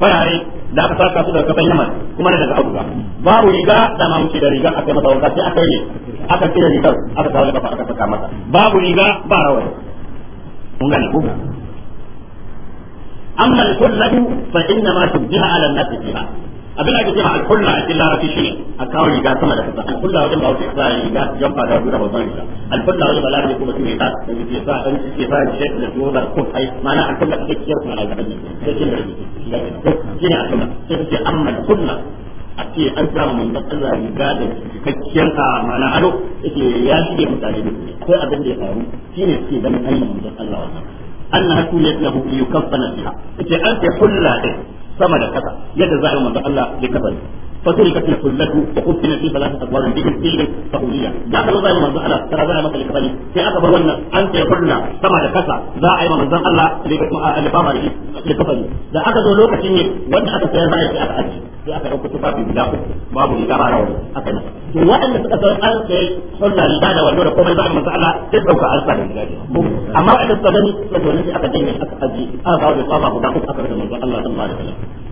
farare da aka saka su daga kasan yaman kuma daga abuga babu riga da ma da riga aka masa wanka sai aka yi aka tsira rigar aka kawo kafa aka saka masa babu riga ba rawar kun gane ko amma al-kullatu fa inna ma tubdiha ala an-nasi fiha abin da ake cewa alkulla a cikin larabci shine a kawo riga sama da kasa alkulla wajen ba wuce sa riga jamfa da guda babban riga alkulla wajen ba larabci kuma shine ta da ke sa dan ke sa shi da su da ko ai mana alkulla take kiyar kuma da kasa sai shi da shi ne alkulla sai ce amma alkulla a ce an samu mun da Allah riga da cikakkiyar a mana ado yake ya shige mutane ne ko abin da ya faru shine suke ganin ayyukan Allah wannan annahu yatlahu yukaffana biha ce an ta kulla din sama da kasa yadda za a yi manzo Allah ya kasance فتركت السلة وقفنا في ثلاثة أدوار بهم سيل سعودية دخلوا زي ما زعل ترى زي ما كان يقول في أكبر ولنا أنت يقولنا سما لكسا ذا أي من زعل الله لبابا لكفني ذا أكبر لوك تيني وأنت أكبر زي ما أكبر sai aka ɗauka tufafi guda uku babu riga ba rawa aka nan to waɗanda suka san an sai sunna riga da wando da komai ba manzo Allah sai ɗauka an sai riga amma waɗanda suka gani suka aka danne aka aji aka kawo da tsaba guda uku aka da manzo Allah sallallahu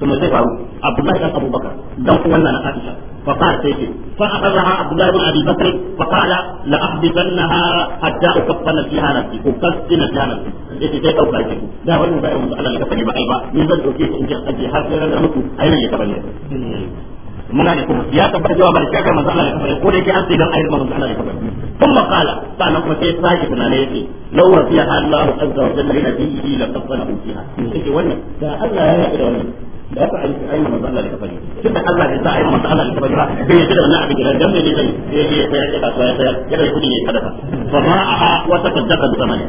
ثم زفر عبد الله بن ابو بكر دم ولنا عائشه فقال سيدي فاخذها عبد الله بن ابي بكر فقال لاحبسنها حتى اكفن فيها نفسي اكفن فيها نفسي yace sai kauka ce da wannan bayan musu Allah ka fadi ba ai ba ni zan dauke su in ji aje har sai ran mutu ai ne ya kaban ne muna ne kuma ya tabbata cewa ba da shakar manzo Allah ya ko da yake an sai dan ayar manzo Allah ya kaban kuma kala sannan kuma sai sake tunane yake law wa fiha Allah azza wa jalla nabiyyi laqad qala fiha yace wannan da Allah ya yi da wannan da aka aiki ayi manzo Allah da kafari tunda Allah ne sa ayi manzo Allah da kafari ba bai yadda da wannan abin da dan ne ne zai ya ya ya kasuwa ya sayar ya da kudi ne kada fa ma a wa taqaddaka zaman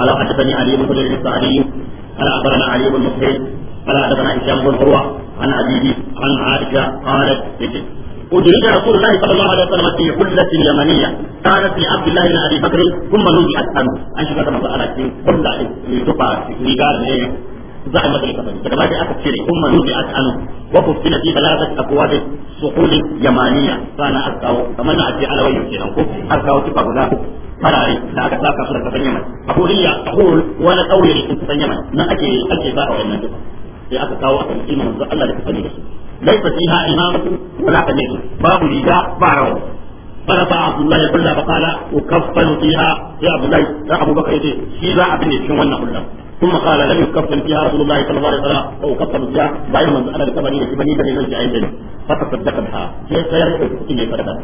قال حدثني علي بن خليل السعدي قال اخبرنا علي بن مسعود قال حدثنا هشام بن عروه عن ابيه عن عائشه قالت وجلد رسول الله صلى الله عليه وسلم في حلة يمنية كانت لعبد الله بن ابي بكر ثم نزعت عنه ان شفت مسألة في حلة تقع رجال za a masa likafani daga baki aka cire kuma nufi a anu wa kufina fi talata akwad suhul yamaniya sana aka kawo kamar na ake alawai kenan ko har kawo tufa guda farare da aka saka su daga yaman ahuriya ahur wani kauye da kusan yaman nan ake ake ba a sai da su ليس فيها امام ولا قديم باب الرداء بارو قال عبد الله بن الله قال وكفن فيها يا ابو لي يا ابو بكر ha sai sai ya yi kuke ne fara da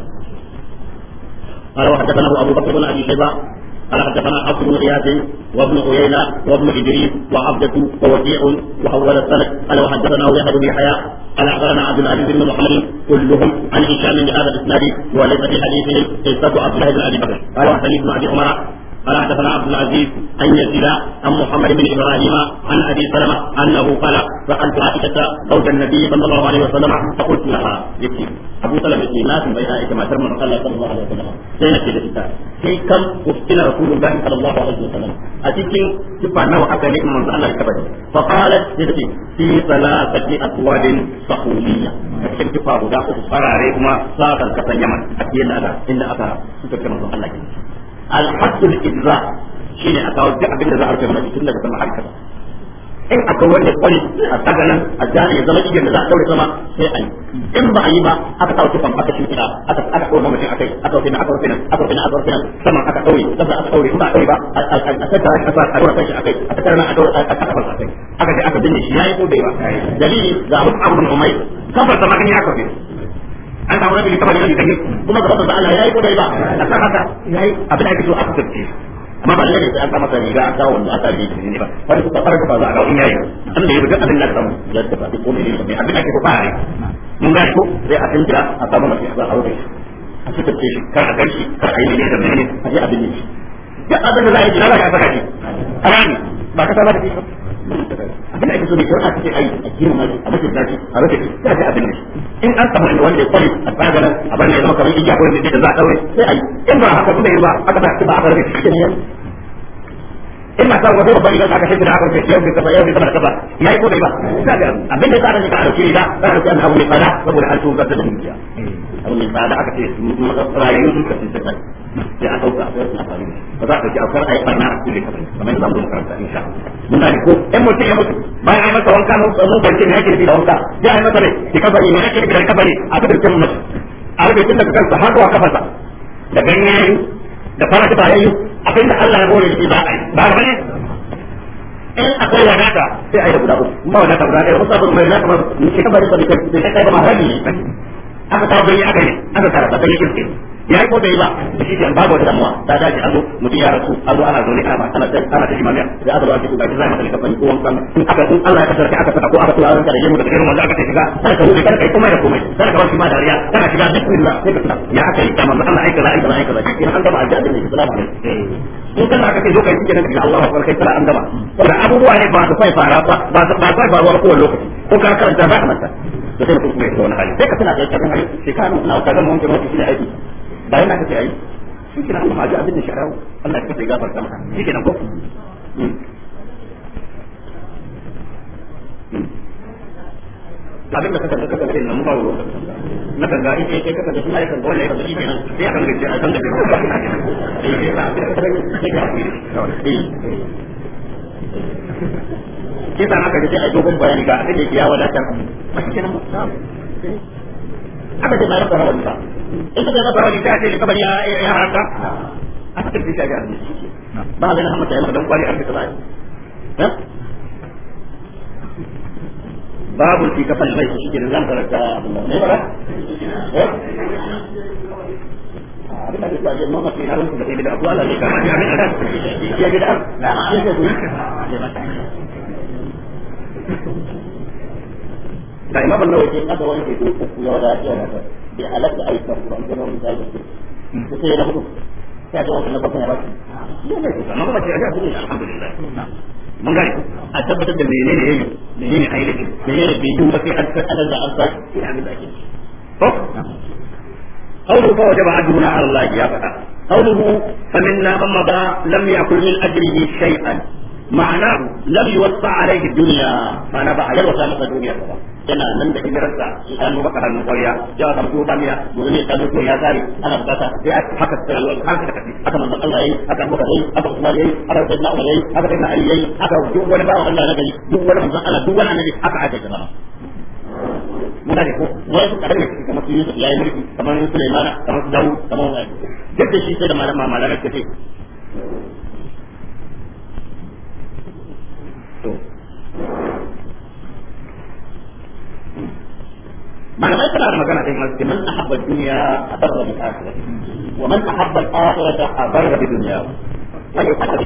Allah wa قال حدثنا عبد بن غياث وابن عيينة وابن إدريس وعبدة ووديع وحول السند قال وحدثنا يحيى بن يحيى قال أخبرنا عبد العزيز بن محمد كلهم عن هشام بهذا الإسناد وليس في حديثهم قصة عبد الله بن أبي بكر قال وحدثني ابن أبي عمر قال حدثنا عبد العزيز عن يزيد عن محمد بن ابراهيم عن ابي سلمه انه قال سالت عائشه زوج النبي صلى الله عليه وسلم فقلت لها يبكي ابو سلمه يبكي ما لا تنبغي عائشه ما ترمى قال صلى الله عليه وسلم سينا في ذلك في كم افتن رسول الله صلى الله عليه وسلم اتيكي سبحانه وتعالى نعم من الله كبر فقالت يبكي في ثلاثه اكواد صحوليه cikin tufa guda uku farare kuma sakar kasan yaman a cikin da inda الله عليه وسلم alhaqqul idra shine a kawo duk abin da za a rubuta mana tun daga sama har kasa in akwai wanda kwari a tsaganan a jani ya zama igiyar da za a daure sama sai a yi in ba a yi ba aka sa wata famfa ta shimfiɗa aka aka ɗora mutum akai aka rufe aka rufe aka rufe aka rufe nan aka ɗaure kasa aka ɗaure ba a ɗaure ba a tattara kasa a ɗora kanshi akai a tattara a ɗora a kafa akai aka je aka binne shi yayi ko bai ba dalili ga mutum abu da umai kafar sama kan ya aka an samu rabin kamar yadda kuma Allah ko bai ba akan haka abin da so amma ba lalle sai an sa masa riga a sa wanda aka yi ne ba wani su fara ka za a ga in yayi an da abin da samu ya ta ko ne ne abin da mun ga ko sai a tinta a samu za a rubuta a cikin ce kar a ganshi kar a yi ne da mene a ji abin ne duk abin da za a yi jira saka shi ba kasa ba abin da ake so ne ai a girma a mutum zaki a rufe sai a abin in an samu inda wanda ya kwari a a bar ne zama kamar igiya ko da za a daure sai ai in ba haka kuma ba aka ba ba aka rufe shi in ma aka shirya aka yau yau ko ba abin da tsara ne ka dauke da za an fada saboda an da fada aka ce duka sun sai a ba za ka ji ai mun gane ko in mutum ya mutu bayan ai masa wanka mun mun barke ne yake da wanka ya ai masa ne ki kafa ne yake da kafa ne a ka dace mun a rubuce tun daga kansa har zuwa sa. da ganyayi da fara ta yayi abinda Allah ya gore shi ba ai ba ne in akwai wadata sai ai da guda uku ba wadata guda ɗaya wasu abin mai na kamar ni ke kafa da kai da kai ba maharabi ne aka ta bayyana aka yi aka tara ba ta yi kirkin ya yi ko bai ba shi ke babu wata damuwa ta dace a zo mutum ya rasu a zo ana zo ne ana ba ana ta ana ta imamiya da aka a cikin zai mata ko in aka Allah ya kasar aka saka ko aka tura yemu da wanda aka ta shiga kada ka wuce kada kai komai da komai kada ka ma dariya kada shiga sai ka ya aka yi kamar Allah aika la aika la aika la an ne salamu alaikum eh. in kana kike nan Allah kai an abubuwa ne ba su ba ba ba fai ka karanta ba ka manta da ya tsona hali sai ka tana da hali shekaru na kaga mun shi aiki ba yana kace ai shi kenan Allah haji abin da sharau Allah ya kace ta maka shi kenan ko abin da kaka kaka kaka nan ba ruwa na kan ga in kai kaka da kuma yakan gole da kike kenan sai akan gaje akan gaje eh ba kisa na kaje ai dogon bayani ga abin da ya wadatar amma kenan ba aka ce ba fara wani in ka zama fara wani ce kabari ya ya a cikin bisa ga ba ga hamata yana dan kwari a cikin sai babu fi kafal bai shi ke zan ka abin da ne ba abin da ke ma ba sai halin da ke da abuwa ne ka ya gida ya gida da imam an-nawawi sai aka wanke ko ya wada ya wada bi alaka ay tafsir an jama'a misali sai na hudu sai da wannan bakon ya baki ya ne kuma kuma ce ya ce alhamdulillah mun gani a tabbatar da menene yayi menene ayyuka menene bai duba sai an tsada da an tsada ina ga zaki ko قوله فوجب عدونا على الله يا فتى قوله فمنا من مضى لم يأكل من أجره شيئا معناه لم يوسع عليه الدنيا فنبع يلوسى مثل الدنيا طبعا yana nan da hijirarsa ya zo ya ana bukata sai a haka sai Allah har ka tafi haka manzon Allah yayi haka Abu yayi haka yayi haka yayi haka Ali yayi haka duk wani Allah na gari duk wani manzon Allah duk wani annabi haka aka muna da ko wai su kamar su Yusuf yayi mulki kamar kamar Dawud kamar wani duk da shi sai da malama tana da magana ɗin masu man ahabba duniya a tsarra da wa man ahabba duniya wani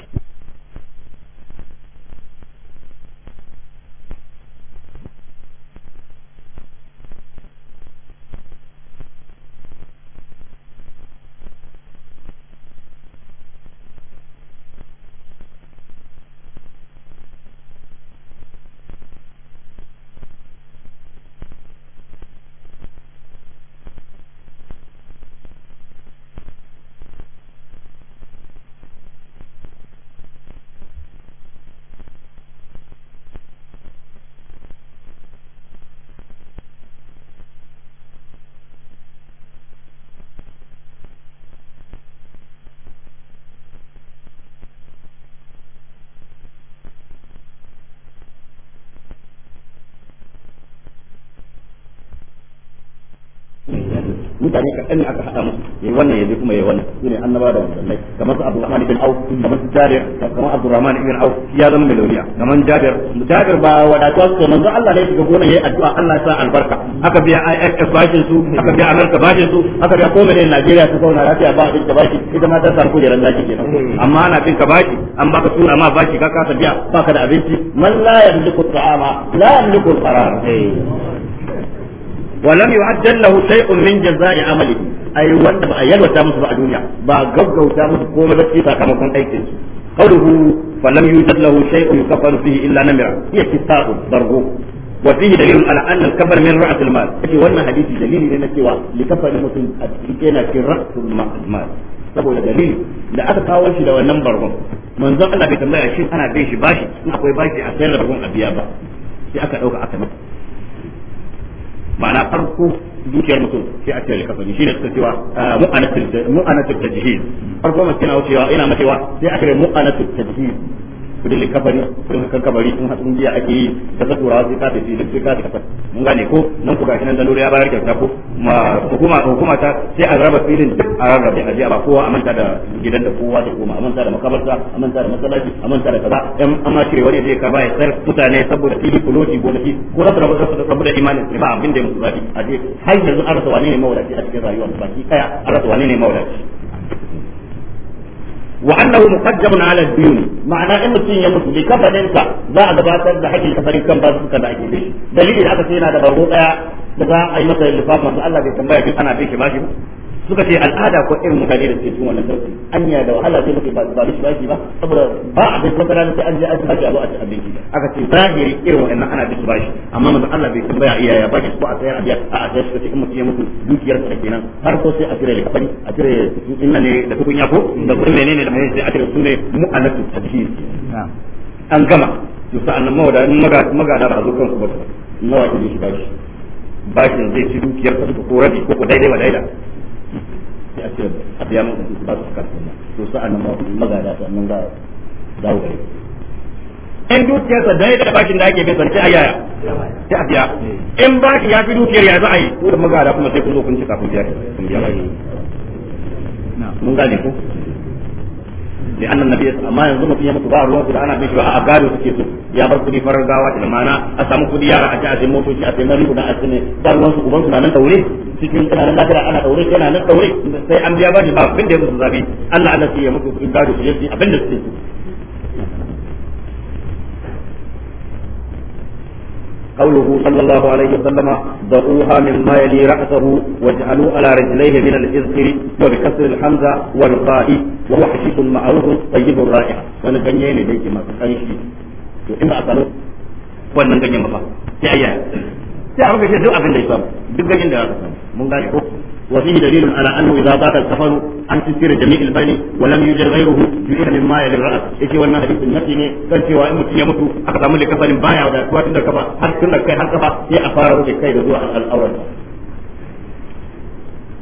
ne aka hada musu yayi wannan yaje kuma yayi wannan shine annaba da wannan kamar su Abdurrahman ibn Auf kamar su Jabir kamar Abdurrahman ibn Auf ya zama mai lauriya kamar Jabir Jabir ba wadatuwa su manzo Allah ne shiga gona yayi addu'a Allah ya sa albarka aka biya IFF bashin su aka biya Amerika bashin su aka biya komai ne Najeriya su kauna lafiya ba abin da bashi ita ma ta sarko jiran zaki kenan amma ana bin ka bashi an baka tura ma bashi ka kasa biya baka da abinci man la yamliku ta'ama la yamliku qarar ولم يعدل له شيء من جزاء عمله أي وند أيد وتامس الدنيا بغوغ وتامس كوما بشي سakamakon aikin قوله فلم يوجد له شيء يكفر فيه إلا نمرة هي كتاب ضربه وفيه دليل على أن الكفر من رأس المال أي وانا حديث دليل لنا سوى لكفر المسلم أتكينا في رأس المال saboda dalili da aka kawo shi da wannan bargon manzon Allah bai tambaya shin ana bin shi bashi in akwai bashi a sayar da bargon a biya ba sai aka dauka aka mata ma'ana farko dukiyar mutum sai a cire kafani shine suka cewa eh, mu'anatul mu'anatul tajhiz farko mace na wucewa ina macewa sai a cire mu'anatul tajhiz kudin likafari kudin kan kabari in hatsun jiya ake yi da ta tura sai ka tafi da sai ka tafi mun gane ko nan ku gashi nan da lura ya bayar kyauta ko ma hukuma hukuma ta sai a raba filin duk a rarrabe a ba kowa a manta da gidan da kowa da kuma a manta da makabarta a manta da masallaci a manta da kaza dan amma cire wani zai ka ba ya sar mutane saboda fili kuloji da shi ko rabu rabu rabu saboda imanin ba abin da ya musu zabi a je har yanzu an rasa wane ne mawadaci a cikin rayuwa baki kaya an rasa wane ne mawadaci wa annahu muqaddamun ala ad biyun ma'ana in mutum ya mutu bi kafanin ka za a gabatar da hakkin kafarin kan basu kan da ake da dalilin aka ce yana da baro daya da za a yi masa lissafin Allah bai tambaya kin ana bi shi ba suka ce al'ada ko irin mutane da suke cikin wannan sarki anya da wahala sai muke ba ba shi baki ba saboda ba a bai wata da an je an baki a a ci abinci aka ce zahiri irin wannan ana bi shi amma manzo Allah bai tambaya iya ya baki ko a sayar a biya a a sai shi mutum ya mutu dukiyar sa kenan har ko sai a cire da kafani a cire inna ne da tukunya ko da kuma menene da menene sai a cire su ne mu'alatu tadhir an gama to sa'annan mawadarin magada ba zo kansu ba nawa ke shi bashi bashin zai ci dukiyar sa ko rabi ko daidai ba daidai sai a biya ba su to magada in dukiyarsa dai da bakin da ake sai sai a biya in dukiyar ya za a yi ko da magada kuma sai ku zo kun ci kafin biya mun gane ko ne annan nabi amma yanzu mutum ya mutu ba ruwan su da ana mishi a gado suke so ya bar kudi farar gawa da mana a samu kudi yara a ci a sai motoci a sai mari guda a sine ba ruwan su uban su na nan daure cikin kana nan lafiya ana daure kana nan daure sai an biya ba ba abin da ya mutu zabi Allah Allah sai ya mutu in gado su yi abin da suke قوله صلى الله عليه وسلم ضعوها مما يلي رأسه واجعلوا على رجليه من الإذكر وبكسر الحمزة والقاء وهو حشيش معروف طيب الرائحة وأنا جنيه لديك ما تنشي وإما أصلوا وأنا جنيه مفا يا يا sai a rufe duk abin da ya samu duk gajin da ya samu mun gane ko وفيه دليل على انه اذا ضاق السفر عن تسير جميع البين ولم يوجد غيره يريد مما يلي الراس يجي wannan hadisi nafi ne kan cewa in mutum ya mutu aka samu likafarin baya da kuwa tun da kafa har tun da kai har kafa sai a fara rufe kai da zuwa al'auran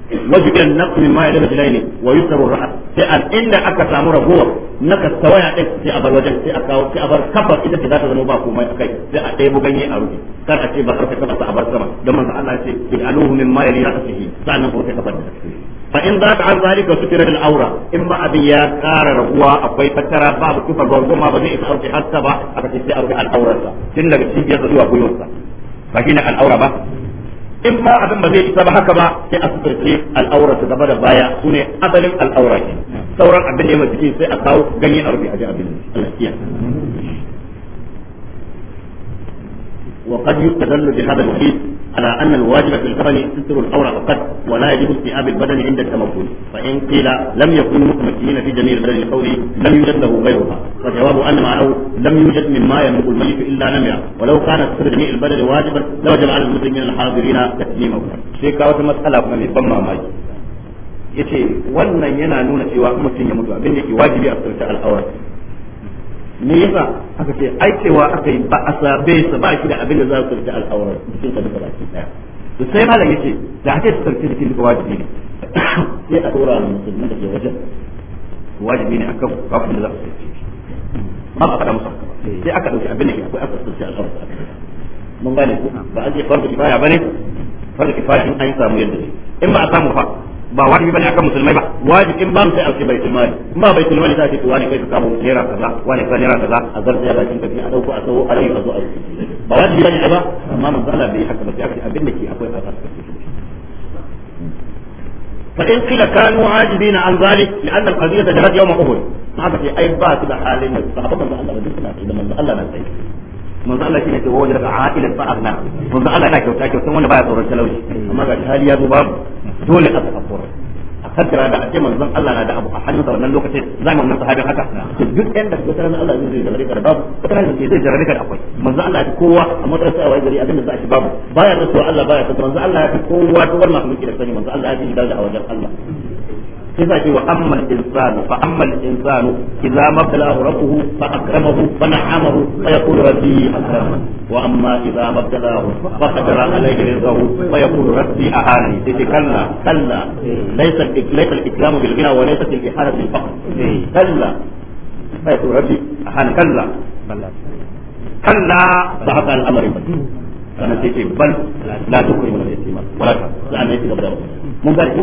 majidan na min ma ne wa yusaru ra'a sai a inda aka samu ragowa na sai a bar wajen sai a kawo sai a bar kafa ita ce za ta zama ba komai akai sai a ɗebo ganye a rufe kar a ce ba karfe a bar sama manzo Allah ya ce bi aluhu min sai da fa in za ka an zalika sutira al aura in ba abin ya kara raguwa akwai fatara babu tufa gorgoma ba zai isa rufe hatta ba a sai a rufe tun daga cibiyar zuwa gwiwarsa ba shine al ba in ba abin ba zai isa ba haka ba sai a sufurce al'aura su gaba da baya su ne asalin al'aura ke sauran abin da ya mace sai a kawo ganye a rufe a ji abin lafiya وقد يستدل بهذا الحديث على أن الواجب في الكفن ستر العورة فقط ولا يجب استيعاب البدن عند التمكن فإن قيل لم يكونوا متمكنين في جميع البدن القول لم يوجد له غيرها فجواب أن معناه لم يوجد مما يملك الميت إلا نمية ولو كان ستر جميع البدن واجبا لوجب على المسلمين الحاضرين تسليمه شيكا wata matsala kuma mai ban mamaki yace wannan yana nuna cewa mutum ya mutu abin da ke wajibi a tsarta al'awar me yasa aka ce ai cewa aka yi ba a sabe sa ba shi da abin da za su rubuta al'aurar cikin ta duka baki daya to sai da yace da aka su sarki cikin duka wajibi ne sai a dora mu musulmi da ke wajen wajibi ne akan kafin da za su sarki ba a faɗa musu eh. sai aka dauki abin da ke akwai aka sarki al'aurar mun gane ko ba a ce farko ya bane farko fa in an samu yadda in ba a samu fa ba wajibi bane akan musulmai ba wajibi in ba mu sai alki baitul mali in ba baitul mali sai wani kai ka samu naira kaza wani ka naira kaza a zarta ya bakin tafi a dauko a sawo a yi a zo a yi ba wajibi bane ba amma manzo Allah bai haka ba sai aka abin da ke akwai a فإن قيل كانوا عاجزين عن ذلك لأن القضية جرت يوم أحد ما في أي بات لحالين فأقوم بأن الله إذا من الله لا manzo Allah shi ne ke wajen da a'ilan fa agna manzo Allah yana kyauta kyautan wanda baya tsoron talauci amma ga hali ya zo babu dole a saka fura a kaddara da ake manzon Allah na da abu a hannunsa wannan lokacin za mu nan sahabin haka to duk ɗan ka tsara Allah zai jarare ka da babu tsara da zai jarare ka da akwai manzon Allah ya kowa a matsayin sa wai gari abin da a ci babu baya rasuwa Allah baya ta manzon Allah ya kowa wannan da sani Allah ya ji da a wajen Allah yasa ce wa ammal insanu fa ammal insanu idza mabtalahu rabbuhu fa akramahu fa na'amahu fa yaqulu rabbi akraman wa amma idza mabtalahu fa qadara alayhi rizqahu fa yaqulu rabbi ahani kalla kalla laysa laysa al-ikramu bil ghina wa laysa al-ihana bil faqr kalla fa yaqulu rabbi ahani kalla kalla ba haka al'amarin ba sannan sai ce bal la tukrimu al-yatima wala ta sannan sai gaba da mun gari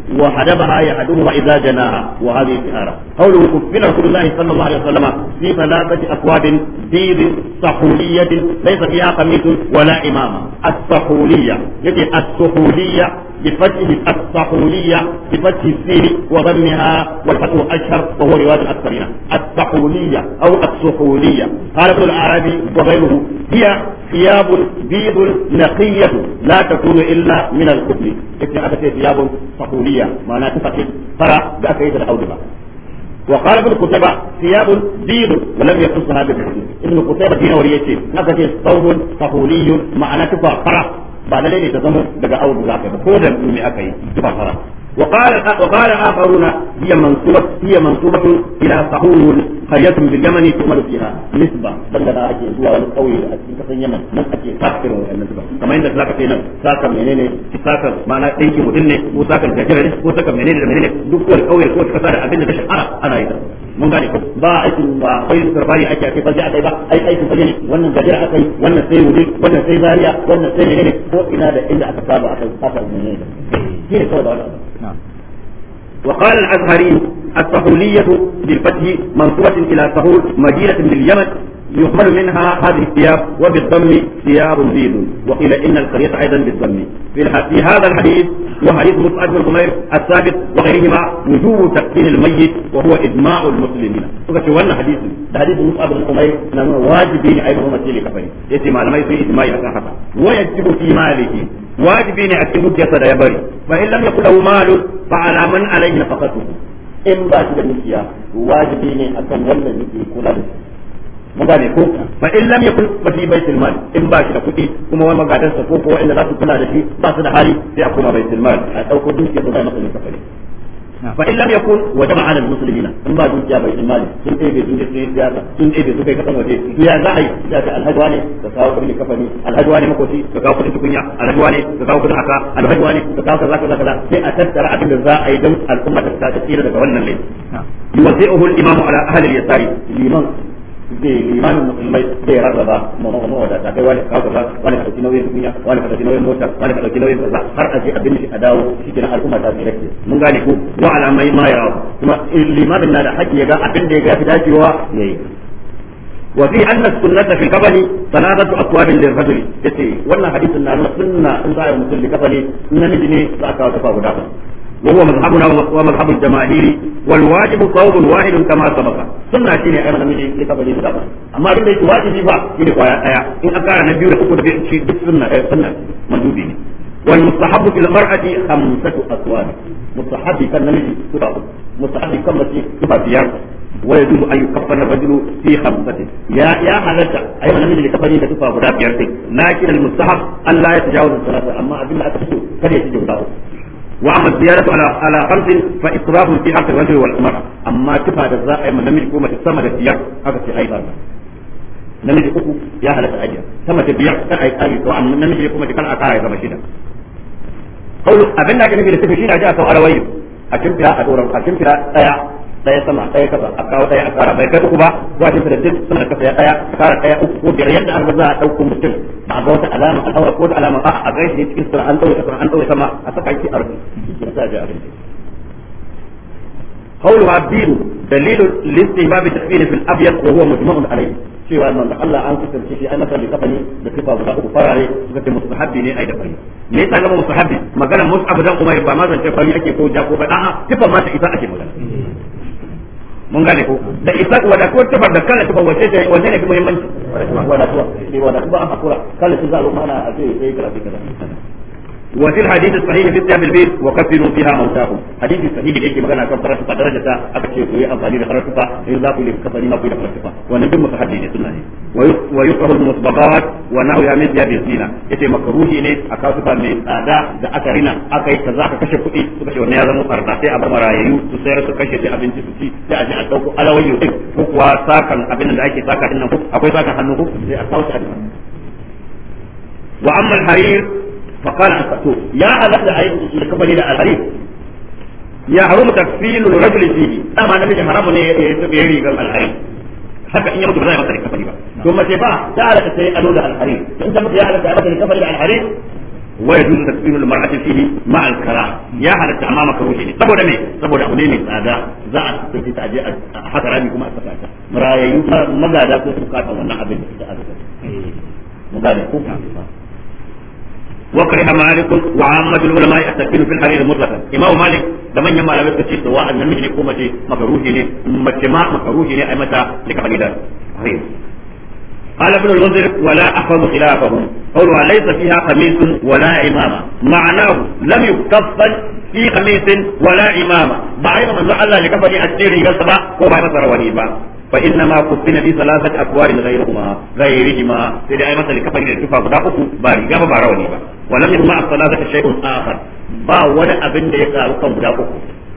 وحدبها يحدبها إذا جناها وهذه سهارة قوله كفر رسول الله صلى الله عليه وسلم في ثلاثة أكواب بيض صحولية ليس فيها قميص ولا إمامة الصحولية يجي الصحولية بفتح الصحولية بفتح السين وضمها والفتح أشهر وهو رواية الأكثرين الصحولية أو الصحولية قال ابن العربي وغيره هي ثياب بيض نقية لا تكون إلا من القبل إذن أتت ثياب صحولية معناها تفقد فرع بأكيد الأوجبة وقال ابن قتيبة ثياب بيض ولم يخصها بالحديث ابن قتيبة دينه وريته نفسه ثوب صحولي معناه تفاقرة ba lalle ne ta zama daga audu zaka ba ko da me aka yi tufa fara وقال وقال اخرون هي منصوبه هي منصوبه الى صحون قريه باليمن تؤمر فيها نسبه بل لا اكي زوا wani kauye a cikin kasan Yaman nan ake sakirin wannan nسبه kamar yadda zaka ce nan saka menene saka mana dinki mutun ne ko saka jajira ko saka menene da menene duk wani kauye ko kasa da abin da ta shahara ana yi mun gane ko ba aikin ba akwai sarbari ake ake faje akai ba ai aikin faje ne wannan gaje akai wannan sai wuri wannan sai zariya wannan sai ne ko ina da inda aka saba aka aka ne shi ne kawai da wannan وقال الأزهري السهولية بالفتح منصوبة إلى سهول مدينة باليمن يقبل منها هذه الثياب وبالضم ثياب بيض وقيل ان القريط ايضا بالضم في, هذا الحديث وحديث مصعب بن خمير الثابت وغيرهما وجوب تقبيل الميت وهو اجماع المسلمين. وكتب لنا حديث حديث مصعب بن خمير انما واجبين ايضا هم سيل كفري يتي ما لم يصير اجماع اساسا ويجب في ماله واجبين يكتب جسد يبري فان لم يكن له مال فعلى من عليه نفقته. ان باشر المسيا واجبين اكون ولا يجب كل mu gane ko fa in lam yakun fi baitul mal in ba shi da kuɗi kuma wani magadan sa ko ko wanda za su kula da shi ba su da hali sai a koma baitul mal a dauko dukiyar da masa ne kafare fa in lam yakun wa jama'a al muslimina in ba dukiya baitul mal sun dai bai dukiya sai siyasa sun dai bai dukiya kasan waje ya za a yi ya ta alhajwa ne ka kawo kuɗin kafani alhajwa ne makoci ka kawo kuɗin tukunya alhajwa ne ka kawo kuɗin haka alhajwa ne ka kawo kaza kaza kaza sai a tattara abin da za a yi don al'umma ta tsira daga wannan laifi yuwasi'uhu al-imamu ala ahli al-yasari liman da limanin musulmai zai rarraba da kai wani kawo kaza wani ka dauki nauyin duniya wani ka dauki nauyin mota wani ka dauki nauyin kaza har a je abin da a dawo shikenan al'umma ta tsira ke mun gane ko wa alamai ma yawa kuma limamin na da haƙƙi ya ga abin da ya ga fi dacewa yayi وفي أن السنة في الكفن na أقوال للرجل يتي وانا حديث النار سنة إن ذا namiji ne كفن a لا كاو تفاو دابا وهو مذهبنا ومذهب الجماهير والواجب صوب واحد كما سبق سنة شيء أنا من لقبل السبع أما إذا واجب فا إذا قايا إن أكار نبيو لقبل في شيء سنة آه، سنة موجودين والمستحب في المرأة خمسة أقوال مستحب كان نبي كتاب مستحب كم شيء كتاب يار ويجب أن يكفن الرجل في خمسة يا يا حلتا أيوة نبي لقبل إذا كتاب ولا لكن المستحب أن لا يتجاوز الثلاثة أما أدلة أتحسو فليتجاوز واما الزياده على على خمس فاسراف في حق الرجل والمراه اما تفا da za a yi namiji ko mace sama da biyar haka ce ai barna namiji uku ya halatta ajiya sama da biyar kar ai kari to amma namiji ko mace kar a kara ya zama shida kaulu abin da ake nufi da tafi shine a a doron a daya sama daya kafa a kawo daya a kara bai kai uku ba wajen da duk suna kafa ya daya kara daya uku ko biyar yadda an za a dauko mutum ba ga wata alama a daura ko da alama a a gaishe ne cikin sura an daure kasa an daure sama a saka shi a rubu ya sa ji abin قول عبيد دليل لاستهباب التكفير في الابيض وهو مجمع عليه cewa manzo Allah an kusance shi an kalli kafani da kifa guda uku farare suka ce mustahabbi ne ai da fari me yasa ga mustahabbi magana mus'ab dan Umar ba ma zance fari ake ko ja ko ba a'a kifa ma ta ita ake magana mun gane ko da isaq wa da ko tabar da kana ta wace ce wanda ne fi muhimmanci wa da tuba ba da tuba an hakura kana su zalo mana a ce sai karatu kana وفي الحديث الصحيح في صيام البيت وكفنوا فيها موتاكم حديث صحيح yake magana kan farasuka ta aka ce ku yi amfani da farasuka in za ku yi kafani ma ku da farasuka wannan duk maka hadisi sunna ne wa yuqahu al-musbaqat wa nahu ya min ziyadi zina yace makruhi ne a kasuka mai tsada da aka rina aka yi kaza aka kashe kuɗi suka ce wannan ya zama farda sai a bar marayu su sayar su kashe sai abinci su sai a je a ko kuwa sakan abin da ake saka din akwai sakan hannu sai a kawo shi wa فقال حسبته يا هذا أي كما لنا الحديث ya haru mu tafsilu rajul fihi amma namiji haramu ne ya tabe rigar alhari haka in ya mutu ba zai masa kafari ba to mace ba ta alaka sai ado da alhari to in ta mutu ya alaka ya masa kafari da alhari wa yajuzu tafsilu almar'ati ma alkara ya halatta amma makruhi ne saboda me saboda abu ne mai tsada za a tafi ta a haka rami kuma a magada ko suka ta wannan da ka وكره مالك وعامة العلماء التكفير في الحرير مطلقا إمام مالك لما ينمى على بيت الشيء سواء أن المجري كومة مكروهي لي مجمع مكروهي لي أي متى لكبني دار قال ابن المنذر ولا أحفظ خلافهم قولوا ليس فيها قميص ولا إمامة معناه لم يكفل في قميص ولا إمامة بعيدا من الله لكفني أشتري قصبا وبعيدا سرواني با fa inna ma kufina bi salasati aqwal ghayruhuma ghayrihima sai dai ai masa likafani da tufa guda uku ba riga ba ba rawani ba walam yasma as-salasati shay'un akhar ba wani abin da ya karu kan guda uku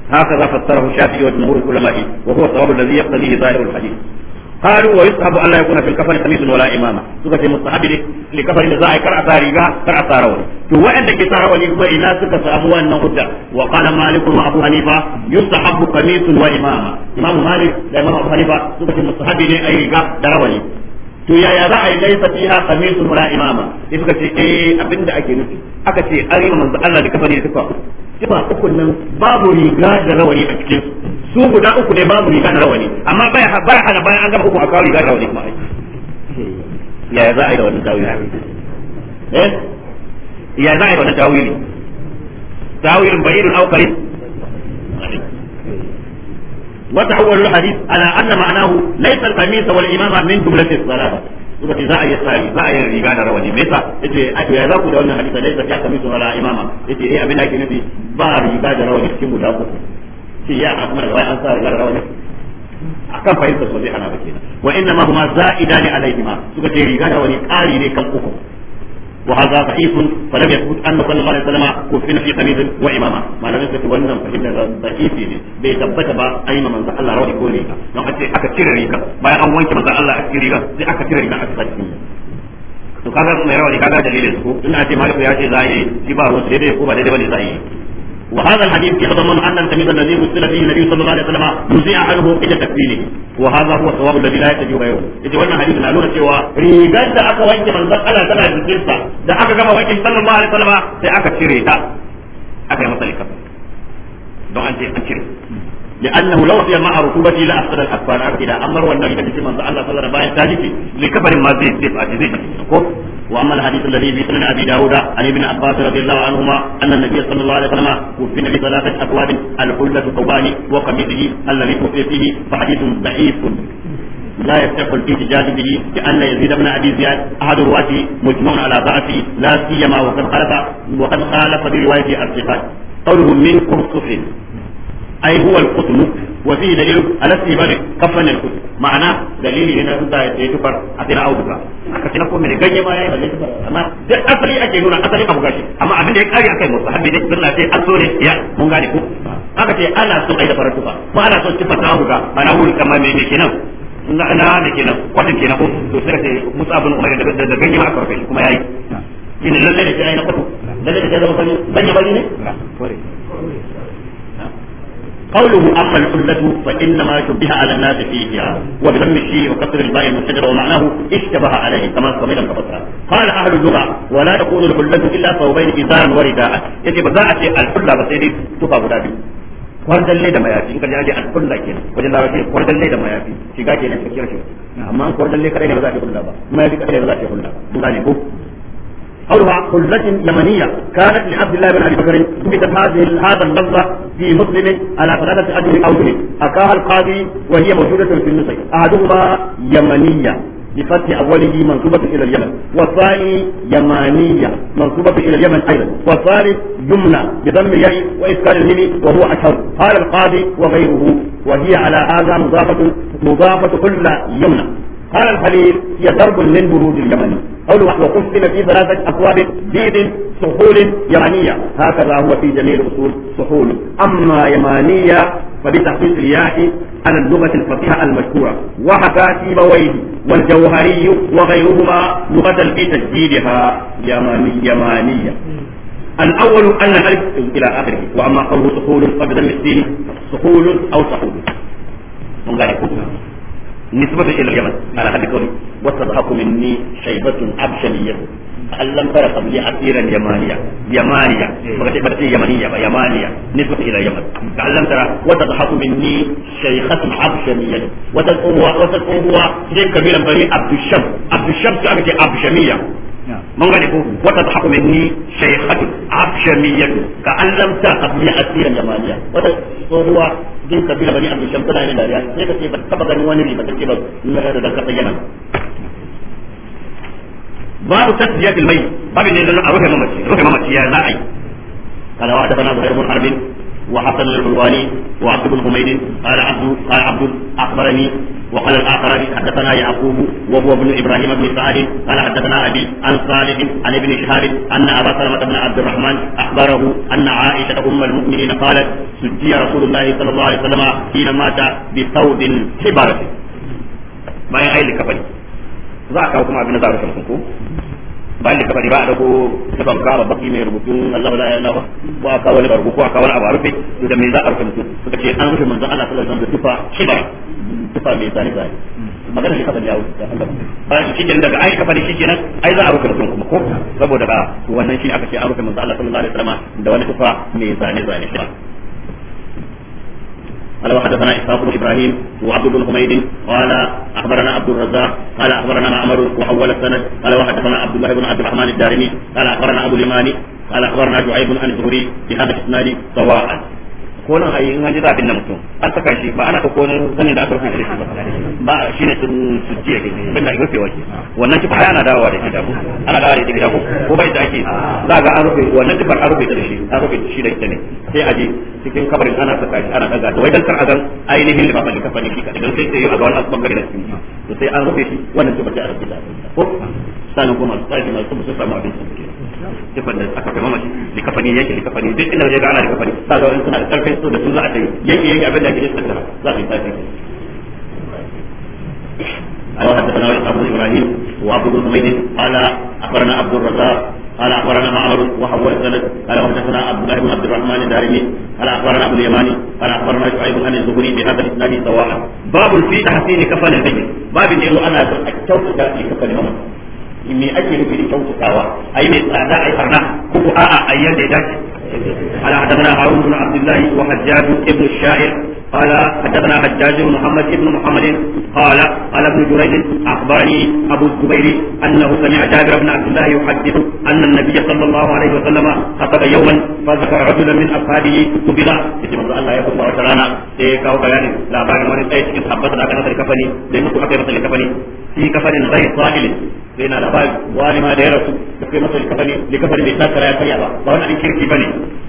هكذا فسره الشافعي وجمهور العلماء وهو الصواب الذي يقتضيه ظاهر الحديث قالوا ويصحب ان لا يكون في الكفن قميص ولا امامه da za a yi kar sa riga kar a sa rawani to wa'anda ke sa rawani kuma ina suka samu wannan hujja wa qala malik wa abu hanifa yustahabu qamis wa imama imam malik da imam abu hanifa suka ce mustahabi ne ayi riga da rawani to yaya za a yi laisa fiha qamis wa imama suka ce eh abinda ake nufi aka ce arima manzo Allah da nan babu riga da rawani a cikin su guda uku ne babu riga da rawani amma baya baya hana bayan an gama uku a kawo riga da rawani kuma ya yaya za a yi da wannan tawili eh ya za a yi da wannan tawili tawilin bayyinun aw qarib وتحول الحديث على ان معناه ليس القميص والامامه من جمله الصلاه suka ce za a yi tsari za a yi riga da rawani me yasa yace a to ya za ku da wannan hadisi laisa ka kamisu ala imama yace eh abin da ake nufi ba riga da rawani cikin guda uku shi ya a da wai an sa rigar rawani akan fahimtar ba zai hana ba kenan wa inna ma huma za'ida ne alaihima suka ce riga da wani kari ne kan uku وهذا ضعيف فلم يثبت ان صلى الله عليه وسلم كفن في wannan fahimta ضعيف ne bai tabbata ba ai ma manzo Allah rawai ko ne aka cire riga bayan an wanke manzo Allah a cikin riga sai aka cire riga a cikin to kaga mai rawani kaga dalilin ko in a ce maliku ya ce zai shi ba ruwa daidai ko ba bane zai وهذا الحديث يتضمن أن التمييز الذي وصل فيه النبي صلى الله عليه وسلم يزيع عنه إلى تكفيره وهذا هو الصواب الذي لا يتجه غيره يجي wannan hadisi na rigar da aka wanke manzon Allah tana da aka gama wanke sallallahu alaihi sai aka cire ta aka yi masa don an لانه لو سير مع ركوبتي لا افسد الاكبر اذا امر وان اذا كما الله صلى الله عليه وسلم باين ذلك لكبر ما زي سيف عزيزي واما الحديث الذي في سنن ابي داود عن ابن عباس رضي الله عنهما ان النبي صلى الله عليه وسلم كفن بثلاثه اكواب الحله ثوبان وقميصه الذي كفن فيه فحديث ضعيف لا يفتح الاحتجاج به لان يزيد بن ابي زياد احد رواته مجمع على ضعفه لا سيما وقد خالف وقد خالف بروايه الثقات قوله من كرسف ai huwa al-qutl wa fi dalil ala istibari kafan al-qutl ma'ana dalili ne na da ya tufar a tsira auduga aka tsira ko mai ganye ma yayi ba tufar amma duk asali ake nuna asali abu gashi amma abin da ya kare akai musahabi ne billah sai an so ne ya mun gane ko aka ce ana so ai da faratufa ko ana so tufa ta auduga ana wuri kamar me ne kenan na na da kenan wannan ko to sai ka musa da ganye ma kuma yayi ina lalle da kai da قوله اما الحله فانما شبه على الناس فيها وبذم الشيء وكسر الباء المنفجر ومعناه اشتبه عليه كما صغيرا فبصرا قال اهل اللغه ولا تكون الحله الا ثوبين ازار ورداء يجي بزاعه الحله بس يدي تقى غدا kwardalle da mayafi in ka je an kulla ke wajen larabci kwardalle da mayafi shiga ke nan tsakiyar shi amma kwardalle kadai ne ba za ta kulla ba mayafi kadai ne ba za ta kulla ba gane ko قولها خلة يمنية كانت لعبد الله بن ابي بكر ثبتت هذه هذا اللفظ في مسلم على ثلاثة أجر أو جنيه أكاها القاضي وهي موجودة في النصي أحدهما يمنية بفتح أوله منصوبة إلى اليمن والثاني يمانية منصوبة إلى اليمن أيضا والثالث جملة بضم الياء وإسكان الميم وهو أشهر قال القاضي وغيره وهي على هذا مضافة مضافة كل يمنى هذا الحليب هي ضرب من برود اليمن قوله وقسم في ثلاثة أكواب بيض سحول يمنية هكذا هو في جميع الأصول سحول أما يمانية فبتحقيق الياء على اللغة الفصيحة المشهورة وحكى سيبويه والجوهري وغيرهما لغة في تجديدها يماني يمانية الأول أن الألف إلى آخره وأما قوله سحول قبل المسكين سحول أو سحول. nisbatan ila yaman ala hadi qawli wa tadhaku minni shaybatun abshaniyah allan fara kabli asiran yamaniya yamaniya ba ta barci yamaniya ba yamaniya nisbat ila yaman ka allan tara wa tadhaku minni shaykhatu abshamiyya wa tadhuwa wa tadhuwa sai kabilan bari abdusham abdusham ka ake abshamiyya mun gane ko wa tadhaku minni shaykhatu abshamiyya ka allan tara kabli asiran yamaniya wa tadhuwa din kabila bari abdusham tana yin dariya sai ka ce ba taba ganin wani ta ce ba na da ka bayyana babu tasbiya bil mai babu ne dan aruhe mamaci ruhe mamaci ya za ai kana wa da banar ibn wa hasan al bulwani wa abd al humayd qala abd qala abd wa al hadathana yaqub wa huwa ibn ibrahim ibn sa'id hadathana abi al salih ibn shahab anna salama ibn abd akhbarahu anna aisha umm al mu'minin qalat sallallahu alaihi wasallam hina mata bi thawdin bayan ayi kabari za a kawo kuma abin da za a rufe mutum ko ba da kabari ba a dauko taban kama baki mai rubutun Allah la ilaha illallah ko aka wani barko ko aka wani abu a rufe to da me za a rufe mutum suka ce an rufe manzon Allah sallallahu alaihi wasallam da tufa shiba tufa mai zani zani magana shi kafin ya wuce da Allah ba shi kenan daga ai kafin shi kenan ai za a rufe mutum kuma ko saboda ba wannan shi aka ce an rufe manzon Allah sallallahu alaihi wasallam da wani tufa mai zane zane shiba قال وحدثنا اسحاق بن ابراهيم وعبد بن حميد قال اخبرنا عبد الرزاق قال اخبرنا معمر واول السند قال وحدثنا عبد الله بن عبد الرحمن الدارمي قال اخبرنا ابو اليماني قال اخبرنا شعيب عن الزهري بهذا الاسناد سواء ko nan ayi in an ji za abin mutum an saka shi ba ana ko nan zanin da aka rufe shi ba ba shi ne sun sujjiya ke bin da rufe wake wannan kifar ana dawowa da gida ko ana dawowa da gida ko ko bai da ake za ga an rufe wannan kifar an rufe da shi an rufe shi da ita ne sai a ji cikin kabarin ana saka shi ana daga wai dan kar azan ainihin limamin kafani shi kadai dan sai sai a ga wani bangare da shi to sai an rufe shi wannan tuba a rufe da ko sanin kuma sai ma kuma sai samu abin shi kifan da aka kama mashi likafani yake kafani duk inda ya ga ana likafani sai ga wani suna da karfin so da sun za a tayi yake yake abin da yake tsara za su yi tafi أيوة حدثنا أبو إبراهيم وأبو حميد قال أخبرنا عبد الرزاق قال اخبرنا معمر وهو السند قال حدثنا عبد الله بن عبد الرحمن الدارمي قال اخبرنا ابو اليماني قال اخبرنا شعيب عن الزهري بهذا الاسناد سواء باب في تحسين كفن الميت باب يقول انا كوكب في كفن الميت me ake nufi da kyautatawa a yi mai tsada a yi farna ko a'a a yi yadda ya dace ala hadana harun abdullahi wa hajjaju ibn sha'ir قال حدثنا حجاج بن محمد بن محمد قال قال ابن جريج اخبرني ابو الزبير انه سمع جابر بن عبد الله يحدث ان النبي صلى الله عليه وسلم خطب يوما فذكر رجلا من اصحابه قبل يجب ان الله يكون وترانا sai kawo bayani labarin wani tsaye cikin sabbata da aka nasar kafani da yi musu aka yi masa kafani fi kafarin ghayr sahil sai na labari wani ma da ya rasu da kai masa likafani likafani bai sa ya karya ba ba wani abin kirki bane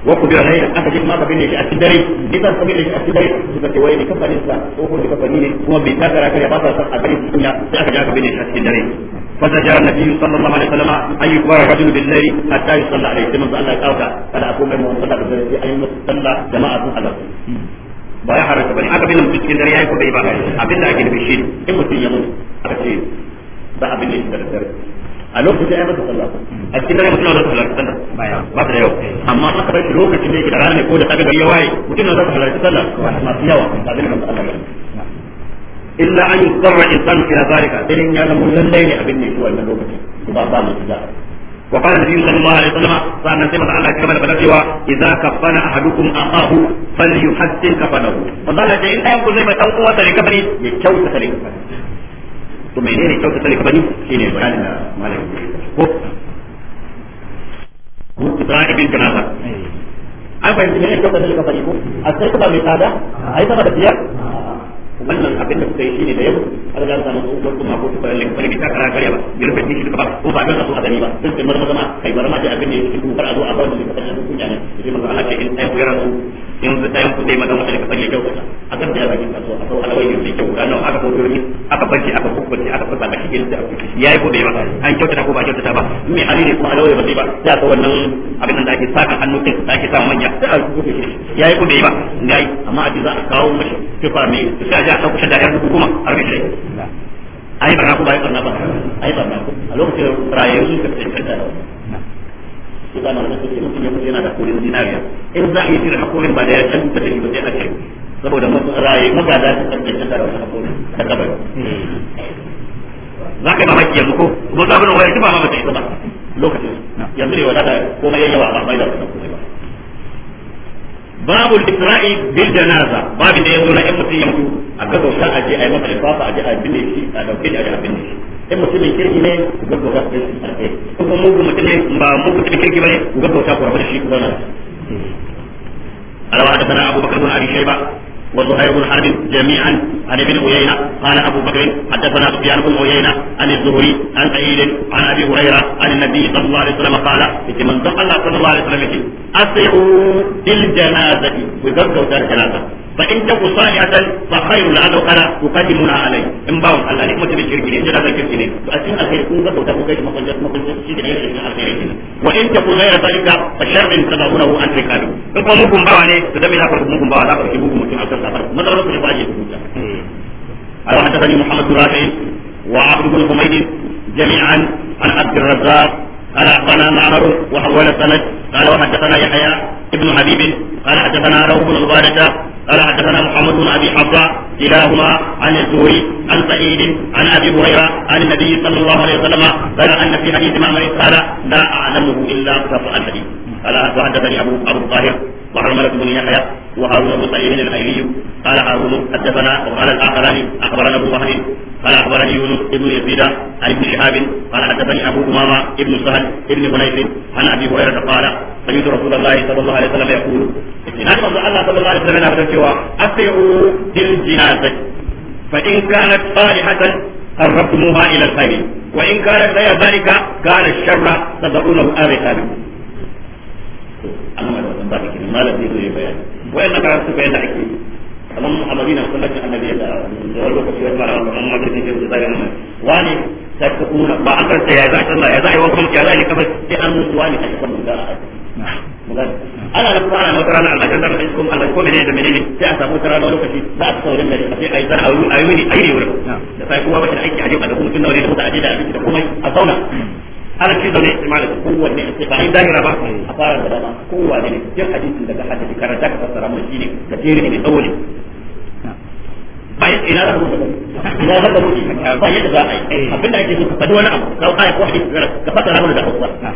wa ku bi aka ma ka binne shi a cikin dare ni ka binne shi a cikin dare suka ce wai likafanin sa ko ko ne kuma bai karya ba sa san a gari kunya sai aka shi a cikin dare النبي صلى الله عليه وسلم ان يكبر رجل بالليل حتى يصلى عليه ثم قال الله تعالى فلا اكون من صلى بالليل اي صلى جماعه على ba ya haranta bane aka bin mutum cikin dare yayi ko bai ba abin da ake shi in mutum ya mutu kace ba abin da yake da a lokacin ya sallah a cikin dare mutum na zata halarci sallah ba ta da yau amma aka bar shi lokacin da yake da rana ko da kaga gari ya waye mutum na zata halarci sallah masu yawa ba zai masa sallah illa an yusarra insanu fi zalika sai ya zama lallai ne abin ne shi wannan lokacin ba ba mu da وقال النبي صلى الله عليه وسلم فان سمع الله كما بلغوا اذا كفن احدكم اخاه فليحسن كفنه فقال ان يكن زي ما تنقوا تركبني يكوت تركبني to menene kyautata shi ne bayanin da malamin ko mutsa'ibin janaza an fahimci menene kyautata likabari ko a sai kuma mai tsada a yi sama da biyar wannan abin da kuka yi shine da yau an ga samu ko ko ma ko ba lalle kuma kita kara kare ba ya ba shi ba ko ba ga so a gani ba sai sai marma ma kai marma da abin da yake ku fara zo ba da kafa ku kun ne sai manzo Allah ce in sai ku yaran in da sai ku dai da wanda kafa ya kyau akan da yaran ka so a kawo alawai ne kyau dan aka ko dole aka bace aka ku kubbace aka fasa da kike da ku yayi ko da yawa an kyautata ko ba kyautata ba me alini kuma alawai ba dai ba ya ko wannan abin da ake saka hannu kai da ake sa manya yayi ko da yawa ngai amma a ji za a kawo mashi kifa mai aje a sauƙaƙa da ƴan hukuma a rufe shi ai barna ko bai barna ba a barna ko a lokacin rayuwar su ka tantance su zama da su mutum yana da kolin dinariya in za a yi cire hakorin ba da ya da shi ba sai a ce saboda raye su da hakorin da kabari hmm. za ka yi mamaki yanzu ko ba za ba lokacin yanzu ne wadata komai ya ba mai da wasu hakorin ba babu isra'i bil janaza babu da yazo na mutum ya mutu a gaba sa aje ayi masa ifafa aje a binne shi a dauke shi aje a binne shi in kirki ne ga gaba da shi kuma mugu mutum ne ba mugu mutum kirki bane ga ta kuwa shi kuma na alawa da sana abubakar bin abi shayba وزهير بن حرب جميعا عن ابن عيينة قال أبو بكر حدثنا سفيان بن عيينة عن الزهري عن سعيد عن أبي هريرة عن النبي صلى الله عليه وسلم قال في من الله صلى الله عليه وسلم الجنازة بالجنازة وذكروا الجنازة fa in taku salihatan fa khairu alai in Allah ne ne ne to a cikin kun ga shi da yake cikin ne wa in taku ghayra zalika fa sharrin tadawunahu an tikalu in ko bawa ne to da me za ka mugun bawa za ka ki mugun mutum akan safar mun zama ba ji kuta ala hadathani muhammad rafi wa abdul bin jami'an an abd الرزاق قال اخبرنا معمر وحول السند قال وحدثنا يحيى ابن حبيب قال حدثنا روح قال حدثنا محمد بن ابي حفصه كلاهما عن الزهري عن سعيد عن ابي هريره عن النبي صلى الله عليه وسلم قال ان في حديث ما قال لا اعلمه الا قصص الحديث قال وحدثني ابو ابو الطاهر وعمر بن يحيى وهارون بن طيب الايلي قال هارون حدثنا وقال الاخران اخبرنا ابو وهب قال اخبرني يونس بن يزيد عن ابن شهاب قال حدثني ابو امامه ابن سهل ابن بنيس عن ابي هريره قال سمعت رسول الله صلى الله عليه وسلم يقول اتناد الله صلى الله عليه وسلم يقول اسرعوا بالجنازه فان كانت صالحه قربتموها الى الخير وان كانت غير ذلك كان الشر تدعونه ابي خالد ba da kiri malam zai zo ya na karatu bayan da ake kamar muhammadi na sunnati annabi da wani lokaci wani mara wani mara da yake da nan wani ta ba a karta ya za na ya za yi wannan ya za yi kamar sai an mutu wani a cikin da ana da kuma ana mata ranar Allah kan zama kuma Allah ko menene da menene sai a samu tara da lokaci za a saurin da sai a yi zan ayu ne ayi ne wurin da sai kuma bakin aiki a je ba da kuma tunawari da mutane da abinci da kuma a zauna alfi da ne imani kowanne ce ba in zahira ba a fara da dama kowanne ne cikin hadisin daga hadisi karanta ka fassara mu shine ka jere ne dawole bayan ina da mutum ina da mutum ba yadda za a yi eh. abinda ake so ka faɗi wani abu ka ai ko hadisi ka fassara mu da hausa ah.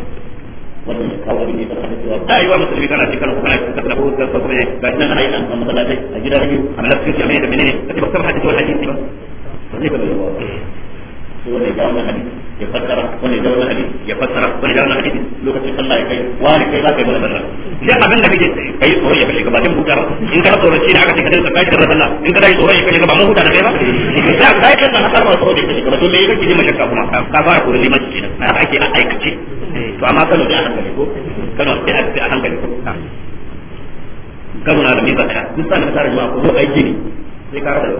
wannan kawai ne da kan cewa dai wa musulmi kana cikin kana kuma cikin da kuma da ga ina ana yin da masallatai a gidan biyu a lafiyar jami'a da menene kace ba kan hadisi wal hadisi ba sai ka da sai wanda ya ya fassara wanda ya wannan ya fassara wanda ya wannan lokacin Allah ya kai wani kai za ka yi mana barra sai abin da kake kai tsoro ya kalle ka hutar in ka tsoro shi aka ce ka dinka kai da Allah in ka yi tsoro ya kalle ka ba hutar da kai ba sai ka kai ka har ma tsoro da kake ba to kake ji shakka kuma ka fara kurli mai kenan na ake a aikace to amma kano da hankali ko kano da hankali ko kano na da mizaka duk sanin ka tare ko zo aiki ne sai ka rasa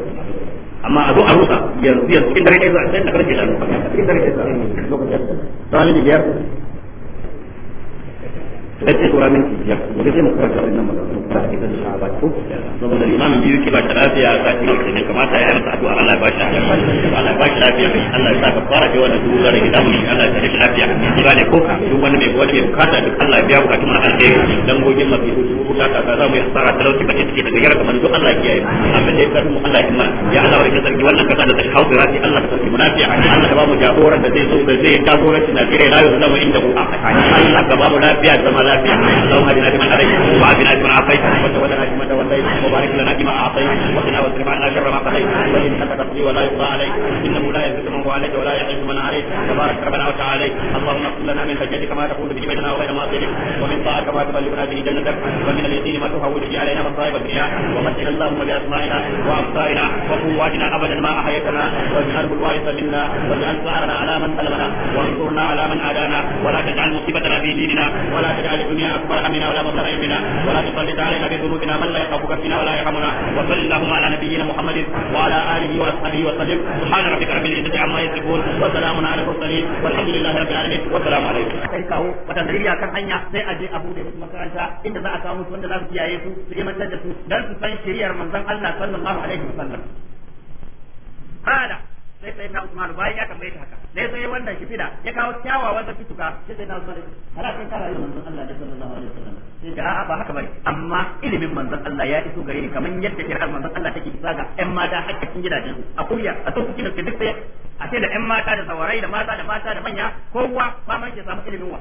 amma a zo a rusa yanzu yanzu cikin dare ɗaya za a cikin dare ɗaya a cikin cikin dare ɗaya a cikin dare ɗaya sai tsora min ya ga zai mu karanta wannan magana ta ko saboda imamin biyu ke ba ta lafiya ne kamata ya yarda addu'a Allah ba shi Allah ba shi lafiya Allah ya saka fara da da Allah ya lafiya ko duk wani mai bukata duk Allah ya biya bukatun Allah ya dan gogin ka za mu yi asara talauci ba take daga kamar duk Allah ya amma dai kar mu Allah ya ya Allah ya sarki wannan kasa da ta kawo rafi Allah ta lafiya Allah ba mu jagoran da zai zo da zai jagoranci na kire rayuwar zama inda ku Allah ka ba mu lafiya zama lafiya Allahumma hadina liman a wa afina liman afayt wa tawallana اعطيت وبارك لنا فيما اعطيت وقنا واصرف عنا شر ما قضيت فانك تقضي ولا يقضى عليك انه لا يزيد من عليك ولا يعز من عليك تبارك ربنا وتعالى اللهم اغفر لنا من حجتك ما تقول به بيننا وبين ماضيك ومن طاعتك ما تبلغنا به جنتك ومن اليقين ما تهون به علينا مصائب الدنيا ومتعنا اللهم باسمائنا وابصارنا وقواتنا ابدا ما احيتنا واجعله الوارث منا واجعل ثارنا على من سلمنا وانصرنا على من عادانا ولا تجعل مصيبتنا في ديننا ولا تجعل الدنيا اكبر همنا ولا مصائبنا ولا تسلط علينا بذنوبنا من لا يقبل ربك فينا ولا يرحمنا وصل اللهم على نبينا محمد وعلى اله وصحبه وسلم سبحان ربك رب العزه عما يصفون وسلام على المرسلين والحمد لله رب العالمين والسلام عليكم. kawo wata zuriya kan hanya sai a je a bude musu makaranta inda za a kawo musu wanda su su su da su dan su san manzon Allah sai sai na Usman bayan ya tambaye haka sai sai wannan shifida ya kawo kyawawan da fituka sai sai na Usman kana kai kana yin manzon Allah da sallallahu alaihi wasallam sai ga a'a ba haka bari. amma ilimin manzon Allah ya iso gare ni kaman yadda kirar manzon Allah take isa ga ƴan mata hakkin gidajen su a kuriya a to kike da duk sai a ce da ƴan mata da sawarai da mata da mata da manya kowa ba man ke samu ilimin wa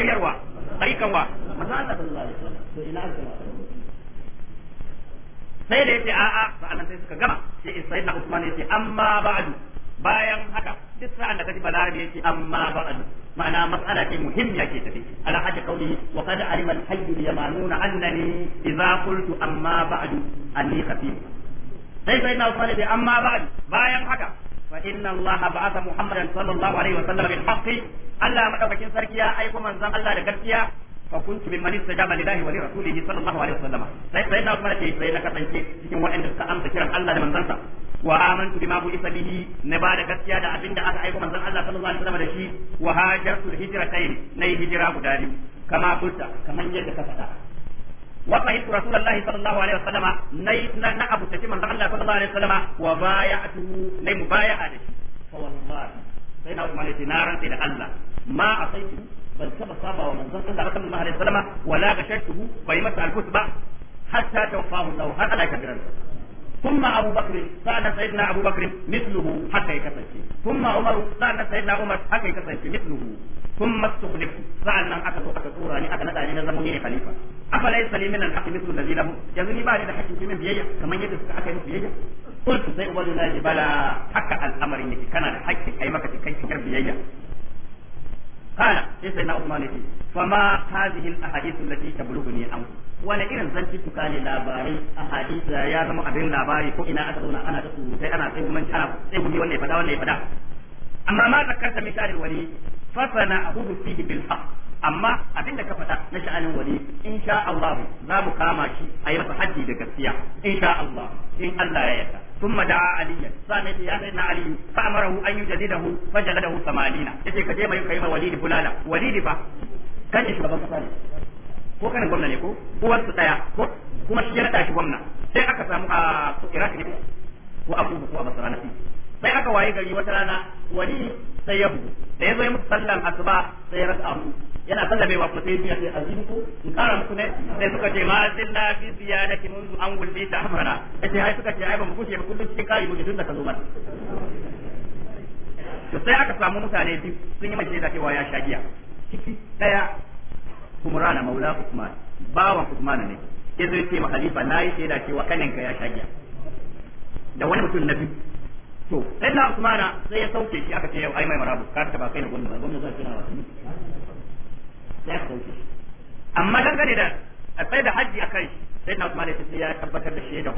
shiryarwa ayyukan wa manzon Allah sallallahu alaihi wasallam to ina aka sai da yace a'a sa'annan sai suka gama sai sayyidina Usman yace amma ba'du bayan haka duk sa'an da kaji balarabi yace amma ba'du ma'ana mas'ala ce muhimmiya ke tafi ala hajji qawlihi wa kada alima al yamanuna annani idza qultu amma ba'du anni khafif sai sai na fara amma ba'du bayan haka fa inna allaha ba'atha muhammadan sallallahu alaihi wa sallam bil haqqi Allah madaukakin sarki ya aiko manzon Allah da gaskiya فكنت ممن استجاب لله ولرسوله صلى الله عليه وسلم سيدنا عمر ce sai na kasance cikin waɗanda suka amsa kiran Allah da manzansa wa amantu bima bu isa bihi na ba da gaskiya da abin da aka aika manzon Allah da shi wa hajartu hijratayn nay hijira guda biyu kama kulta kaman yadda ka faɗa wa qahitu rasulullahi sallallahu alaihi wasallam nay na abu tafi manzon Allah sallallahu alaihi wasallam wa bay'atuhu nay mubaya'a da shi fa sai na umar na da Allah ma asaitu ban taba saba wa manzon Allah sallallahu alaihi wasallam wala gashatuhu bai masa alkus ba hatta tawfahu lahu har Allah ya kabiran ثم أبو بكر سأل سيدنا أبو بكر مثله حتى يكسر ثم عمر سأل سيدنا عمر حتى يكسر مثله ثم استخلف سألنا أكثر أكثر أن أكثر أن نزمني خليفة أفليس لي من الحق مثل الذي له يزني بعد الحق في من بيجة كما يجلس حتى يجلس قلت سيقول لله بلى حق الأمر إنك كان الحق أي مكة كي تكر بيجة قال sai sai na Usman yake fama hadhihi al-ahadith allati tablughuni an wala irin zanci tuka ne labarai ahadith ya zama abin labari ko ina aka zauna ana tsuru sai ana sai kuma ana sai kuma wannan ya fada wannan ya fada amma ma zakarta misal wali fa sana ahudu fihi bil haqq amma abin da ka faɗa na sha'anin wani insha Allah za mu kama shi a yi masa haji da gaskiya insha Allah in Allah ya yarda ثم دعا علي سامي يا سيدنا علي فامره ان يجدده فجلده 80 يجي ka je mai kai ma walidi bulala walidi fa kan shi kasa ne ko kana gwamna ne ko uwar su daya ko kuma shi ya rada shi gwamna sai aka samu a Iraq ne ko Abu ko Basra ne sai aka waye gari wata rana wali sai ya bugu da ya zo ya asuba sai ya rasa abu yana sallamewa ku sai biya sai azumi ku in kara muku ne sai suka ce ma da fi ki munzu an wulli ta amara sai ai suka ce ai ba mu kushe ba kullum cikin kai muke tunda ka zo mana to sai aka samu mutane biyu sun yi mai da cewa ya shagiya giya ciki daya kumrana maula usman bawan usman ne yazo ya ce ma halifa nayi da cewa kaninka ya shagiya da wani mutum na biyu to sai da usmana sai ya sauke shi aka ce ai mai marabu ka ta ba kai na gwamnati gwamnati zai kira wa ya kauce amma dangane da a tsaye da hajji a kai sai na kuma da ya tabbatar da shi da ah,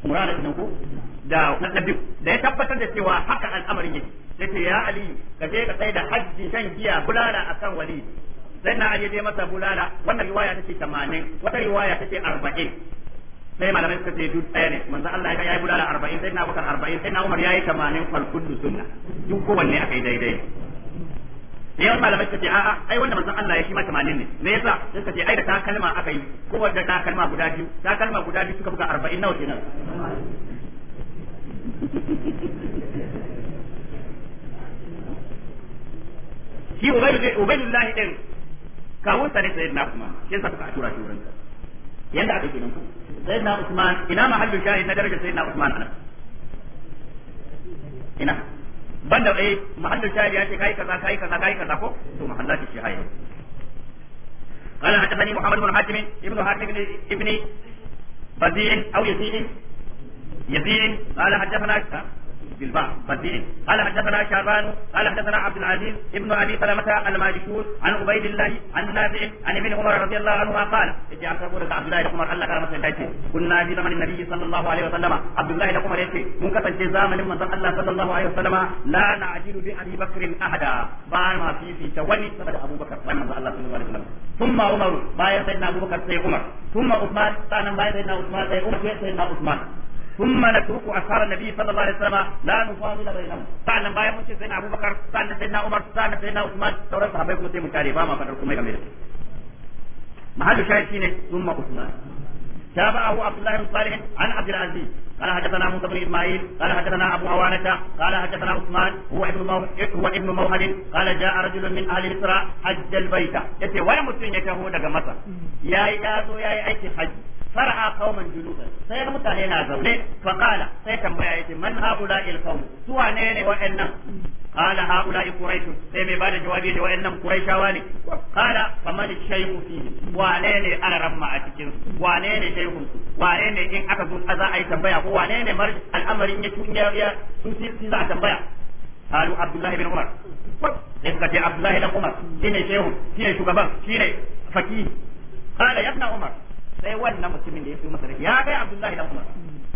ku da biyu da ya tabbatar da cewa haka al'amarin yake sai ce ya ali ka je ka tsaye da hajji shan giya bulala akan wali sai na ali dai masa bulala wannan riwaya ta ce 80 wata riwaya ta ce sai malamai suka ce duk ɗaya ne manzo Allah ya yi bulala 40 sai na sai na Umar sunna duk kowanne akai daidai ne yan malamai suka ce a'a ai wanda manzon Allah ya shi ma 80 ne me yasa sai suka ce ai da kalma aka yi ko wanda kalma guda biyu ta kalma guda biyu suka buga 40 nawa kenan shi ubaidullahi din kawun sa ne sayyidina Usman shi sa suka tura shi wurin yanda aka kenan ku sayyidina Usman ina mahallin shahid na darajar sayyidina Usman ina banda eh mahallin shahid ya ce kai kaza kai kaza kai kaza ko to mahallin shahid قال حدثني محمد بن حاتم ابن حاتم ابن او قال حدثنا بالبعض بدين قال حدثنا شعبان قال حدثنا عبد العزيز ابن ابي سلمه المالكون عن عبيد الله عن نافع عن ابن عمر رضي الله عنهما قال اجي عن كبر عبد الله عمر الله كرم سنتي كنا في زمن النبي صلى الله عليه وسلم عبد الله بن عمر يتي من كسنتي زمن من الله صلى الله عليه وسلم لا نعجل بابي بكر احدا بار ما في في تولي سبب ابو بكر من الله صلى الله عليه وسلم ثم عمر بايع سيدنا ابو بكر سيدنا عمر ثم عثمان ثم بايع سيدنا عثمان سيدنا عمر سيدنا عثمان ثم نترك اثار النبي صلى الله عليه وسلم لا نفاضل بينهم فعلا بايا من سيدنا ابو بكر سعد سيدنا عمر سعد سيدنا عثمان sauran sahabbai kuma sai mu tare ba ma fadar kuma game da su mahallu shayi shine thumma usman تابعه عبد الله بن صالح عن عبد العزيز قال حدثنا موسى بن اسماعيل قال حدثنا ابو عوانه قال حدثنا عثمان هو ابن مو... هو ابن موهد قال جاء رجل من اهل مصر حج البيت يتي وين متين يتهو دغ مصر يا يا يا ايتي حج فرعى قوما جنوبا سيد متعلينا زولي فقال سيد مبايت من هؤلاء القوم سوى نيني وإنم قال هؤلاء قريش سيمي بعد جوابي وإنم قريش واني قال فمن الشيخ فيه وانين أنا رمى أتكين وانين شيخ وانين إن أكذو أزا أي تنبيع وانين مرج الأمر إن يتون يا سوسي سيزا تنبيع قالوا عبد الله بن عمر إذا عبد الله بن عمر شيني شيخ فيه شكبان فيه فكيه قال يا ابن عمر sai wannan mutumin da ya fi masa ya kai Abdullahi dan Umar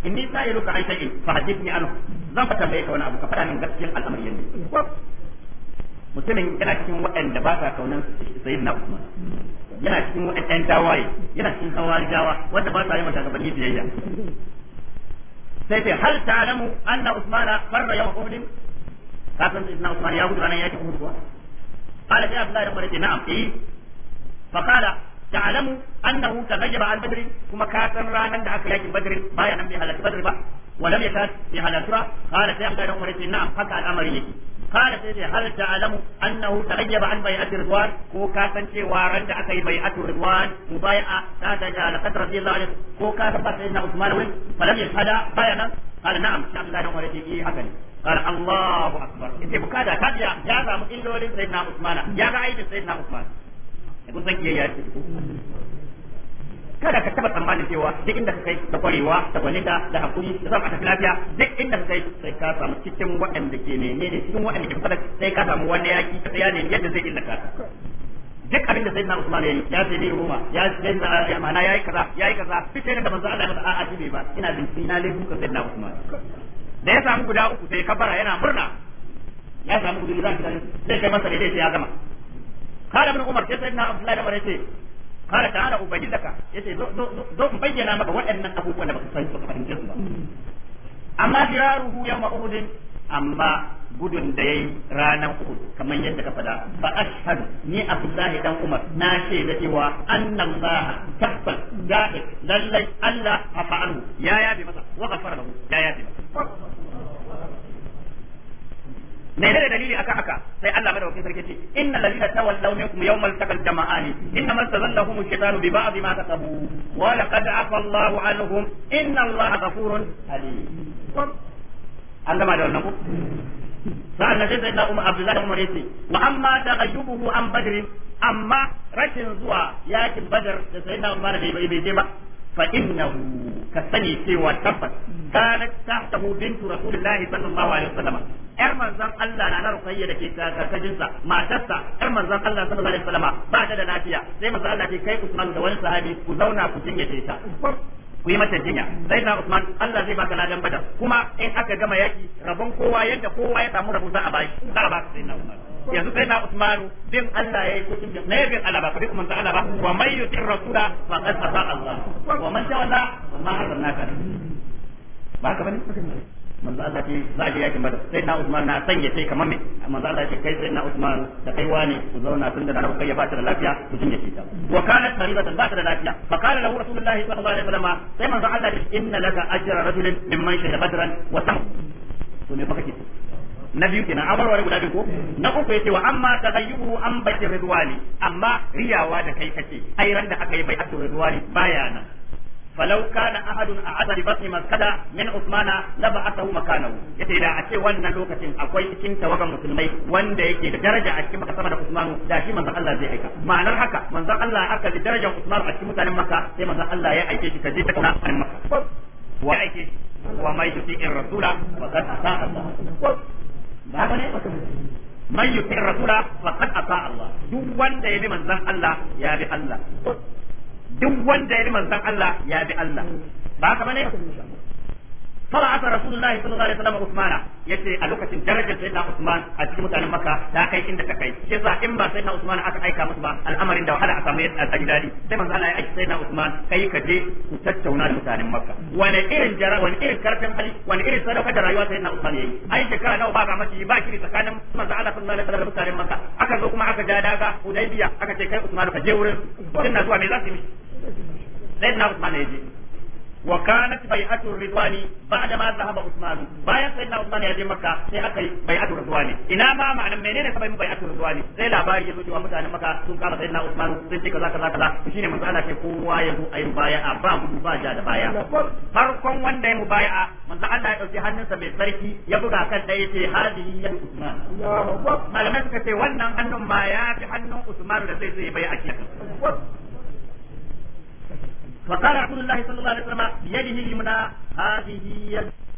sai ruka ai sai fa hadithni anhu zan fata mai ka wani abu ka fada min gaskiyar al'amari yanzu mutumin yana cikin waɗanda ba sa kaunan sai na Usman yana cikin ɗan tawaye yana cikin hawari jawa wanda ba sa yi mata gaban biyayya sai sai hal ta'lamu anna Usmana farra yawm Uhud ka san na Usman ya gudu ranar yaki Uhud kuwa قال يا عبد الله بن نعم ايه فقال ta'lamu annahu tazajjaba an badri kuma ka san ranan da aka yakin badri baya nan bai halarci badri ba ولم يكاد يهلكها قال سيحدث لهم ولكن نعم حكى الامر يجي قال سيدي هل تعلم انه an عن بيعه ko ka san cewa ran da aka yi bai'atu ridwan mubai'a ta da laqad radiyallahu anhu ko ka tabbata sayyidina usman wai falam yashhada bayana قال نعم شاء الله لهم ولكن ايه قال الله اكبر انت بكذا كذا يا زعم illolin sayyidina usman ya ga aidin sayyidina usman kusan kiyayya ce kada ka taba tsammanin cewa duk inda ka kai da kwarewa da gwaninta da hakuri da zama ta lafiya duk inda ka kai sai ka samu cikin waɗanda ke ne cikin waɗanda ke sai ka samu yaki ka tsaya ne yadda zai duk abin da sayyidina Usman ya yi ya sai Roma ya sai na kaza kaza da manzo Allah a'a shi ba ina bin Usman da ya samu guda uku sai kabara yana murna ya samu guda zai kai masa da ya gama Ka da umar yaushe in na Abudulayi da wala yaushe. Kada ta hana uba yillaka. Yaushe bayyana maka waɗannan abubuwan da ba. San ta fahimci suna. A ma siraru huyan Amma gudun da yayi ranar ukun. Ka yadda daga faɗa ba'a shanu. Ni a dan umar. Na ce iwa annan zaha dabba. Gafe lallai Allah a fa'ar Ya yafe masa ko ka fara lafu ya yafe masa. menene dalili aka haka sai Allah madaukakin sarki ce innal ladina tawallaw minkum yawmal taqal jama'ani innamal tazallahum ash-shaytanu bi ba'd ma kasabu wa laqad afa Allahu anhum inna Allaha ghafurun alim an gama da wannan ku sa'an nan sai na umma abdullahi umar yace wa amma taghayyubuhu an badr amma rashin zuwa yakin badar da sayyidina umar bai bai je ba fa innahu ka sani cewa tabbas kanat tahtahu bintu rasulillahi sallallahu alaihi wasallam yar manzon Allah na na rukayya da ke karkashin matarsa yar manzon Allah sallallahu alaihi Salama ba ta da lafiya sai manzon Allah ke kai Usman da wani sahabi ku zauna ku jinyace ta ku yi mata jinya sai na Usman Allah zai baka ladan badar kuma in aka gama yaki rabon kowa yadda kowa ya samu rabu za a bashi za a ba sai na Usman yanzu sai na Usmanu bin Allah yayi kudin na yabin Allah ba ka kuma ta Allah ba wa may kula rasula faqad ata Allah wa man ta tawalla ma hadanaka ba ka bane manzo Allah ce za a je yakin badar sai na Usman na sanya sai kamar me manzo Allah ce kai sai na Usman da kai wani ku zauna tun da na kai ya ba ta da lafiya ku jinje ta wa kanat maribatan ba ta da lafiya fa kana lahu rasulullahi sallallahu alaihi wasallam sai manzo Allah ce inna laka ajra rajulin mimman shahida badran wa sam to ne baka kici na biyu kenan an warware guda biyu ko na uku yace wa amma tadayyuhu an baki ridwani amma riyawa da kai kace ai da aka yi bai ridwani baya nan فلو كان أحد أعد ببطن مسكدة من عثمان لبعثه مكانه yace da a ce wannan lokacin akwai cikin tawagan musulmai wanda yake da daraja a cikin maka sama da Usman da shi manzon Allah zai aika ma'anar haka manzon Allah aka da darajar Usman a cikin mutanen Makka sai manzon Allah ya aike shi kaje ta kana a Makka wa aike wa mai tuti'in rasula wa qad ata'a Allah ba ne man yuti'ir rasula faqad ata'a Allah duk wanda ya bi manzon Allah ya bi Allah duk wanda ya bi manzon Allah ya bi Allah ba ka bane فرعت رسول الله صلى الله عليه وسلم عثمان yace a lokacin darajar sai Usman a cikin mutanen Makka ta kai inda ta kai shi yasa in ba sai na Usman aka aika musu ba al'amarin da wahala a samu a gidari sai manzo Allah ya yi sai Usman kai ka je ku tattauna da mutanen Makka wani irin jara wani irin karfin hali wani irin sadaka da rayuwa sai na Usman yayi ai shekara nawa ba ga mace ba shi tsakanin manzo Allah sallallahu alaihi wasallam da mutanen Makka aka zo kuma aka ja daga Hudaybiya aka ce kai Usman ka je wurin tunda zuwa me za su yi sai na ya je Wakaana kibayi ature duane ba a dama za a ba usman ba yansan na usman ya je maka sai aka kai bai ature duane ina ma ma'ana me ne ne samainu bai ature duane sai labari yadda wani mutane maka tun kama zai na usman zai je kala kala kala kala shine musu ala kai ko wa ya dukan ayi baya a ba a dukan fa da baya. Marukong wanda ya mu baya a masa an ta tausisa mai sarki ya buga kan ka dai sai haliyya. Iyawa uba magana su ka wannan hannu maya fi hannu usman da daga zai baya a فقال رسول الله صلى الله عليه وسلم بيده اليمنى هذه يد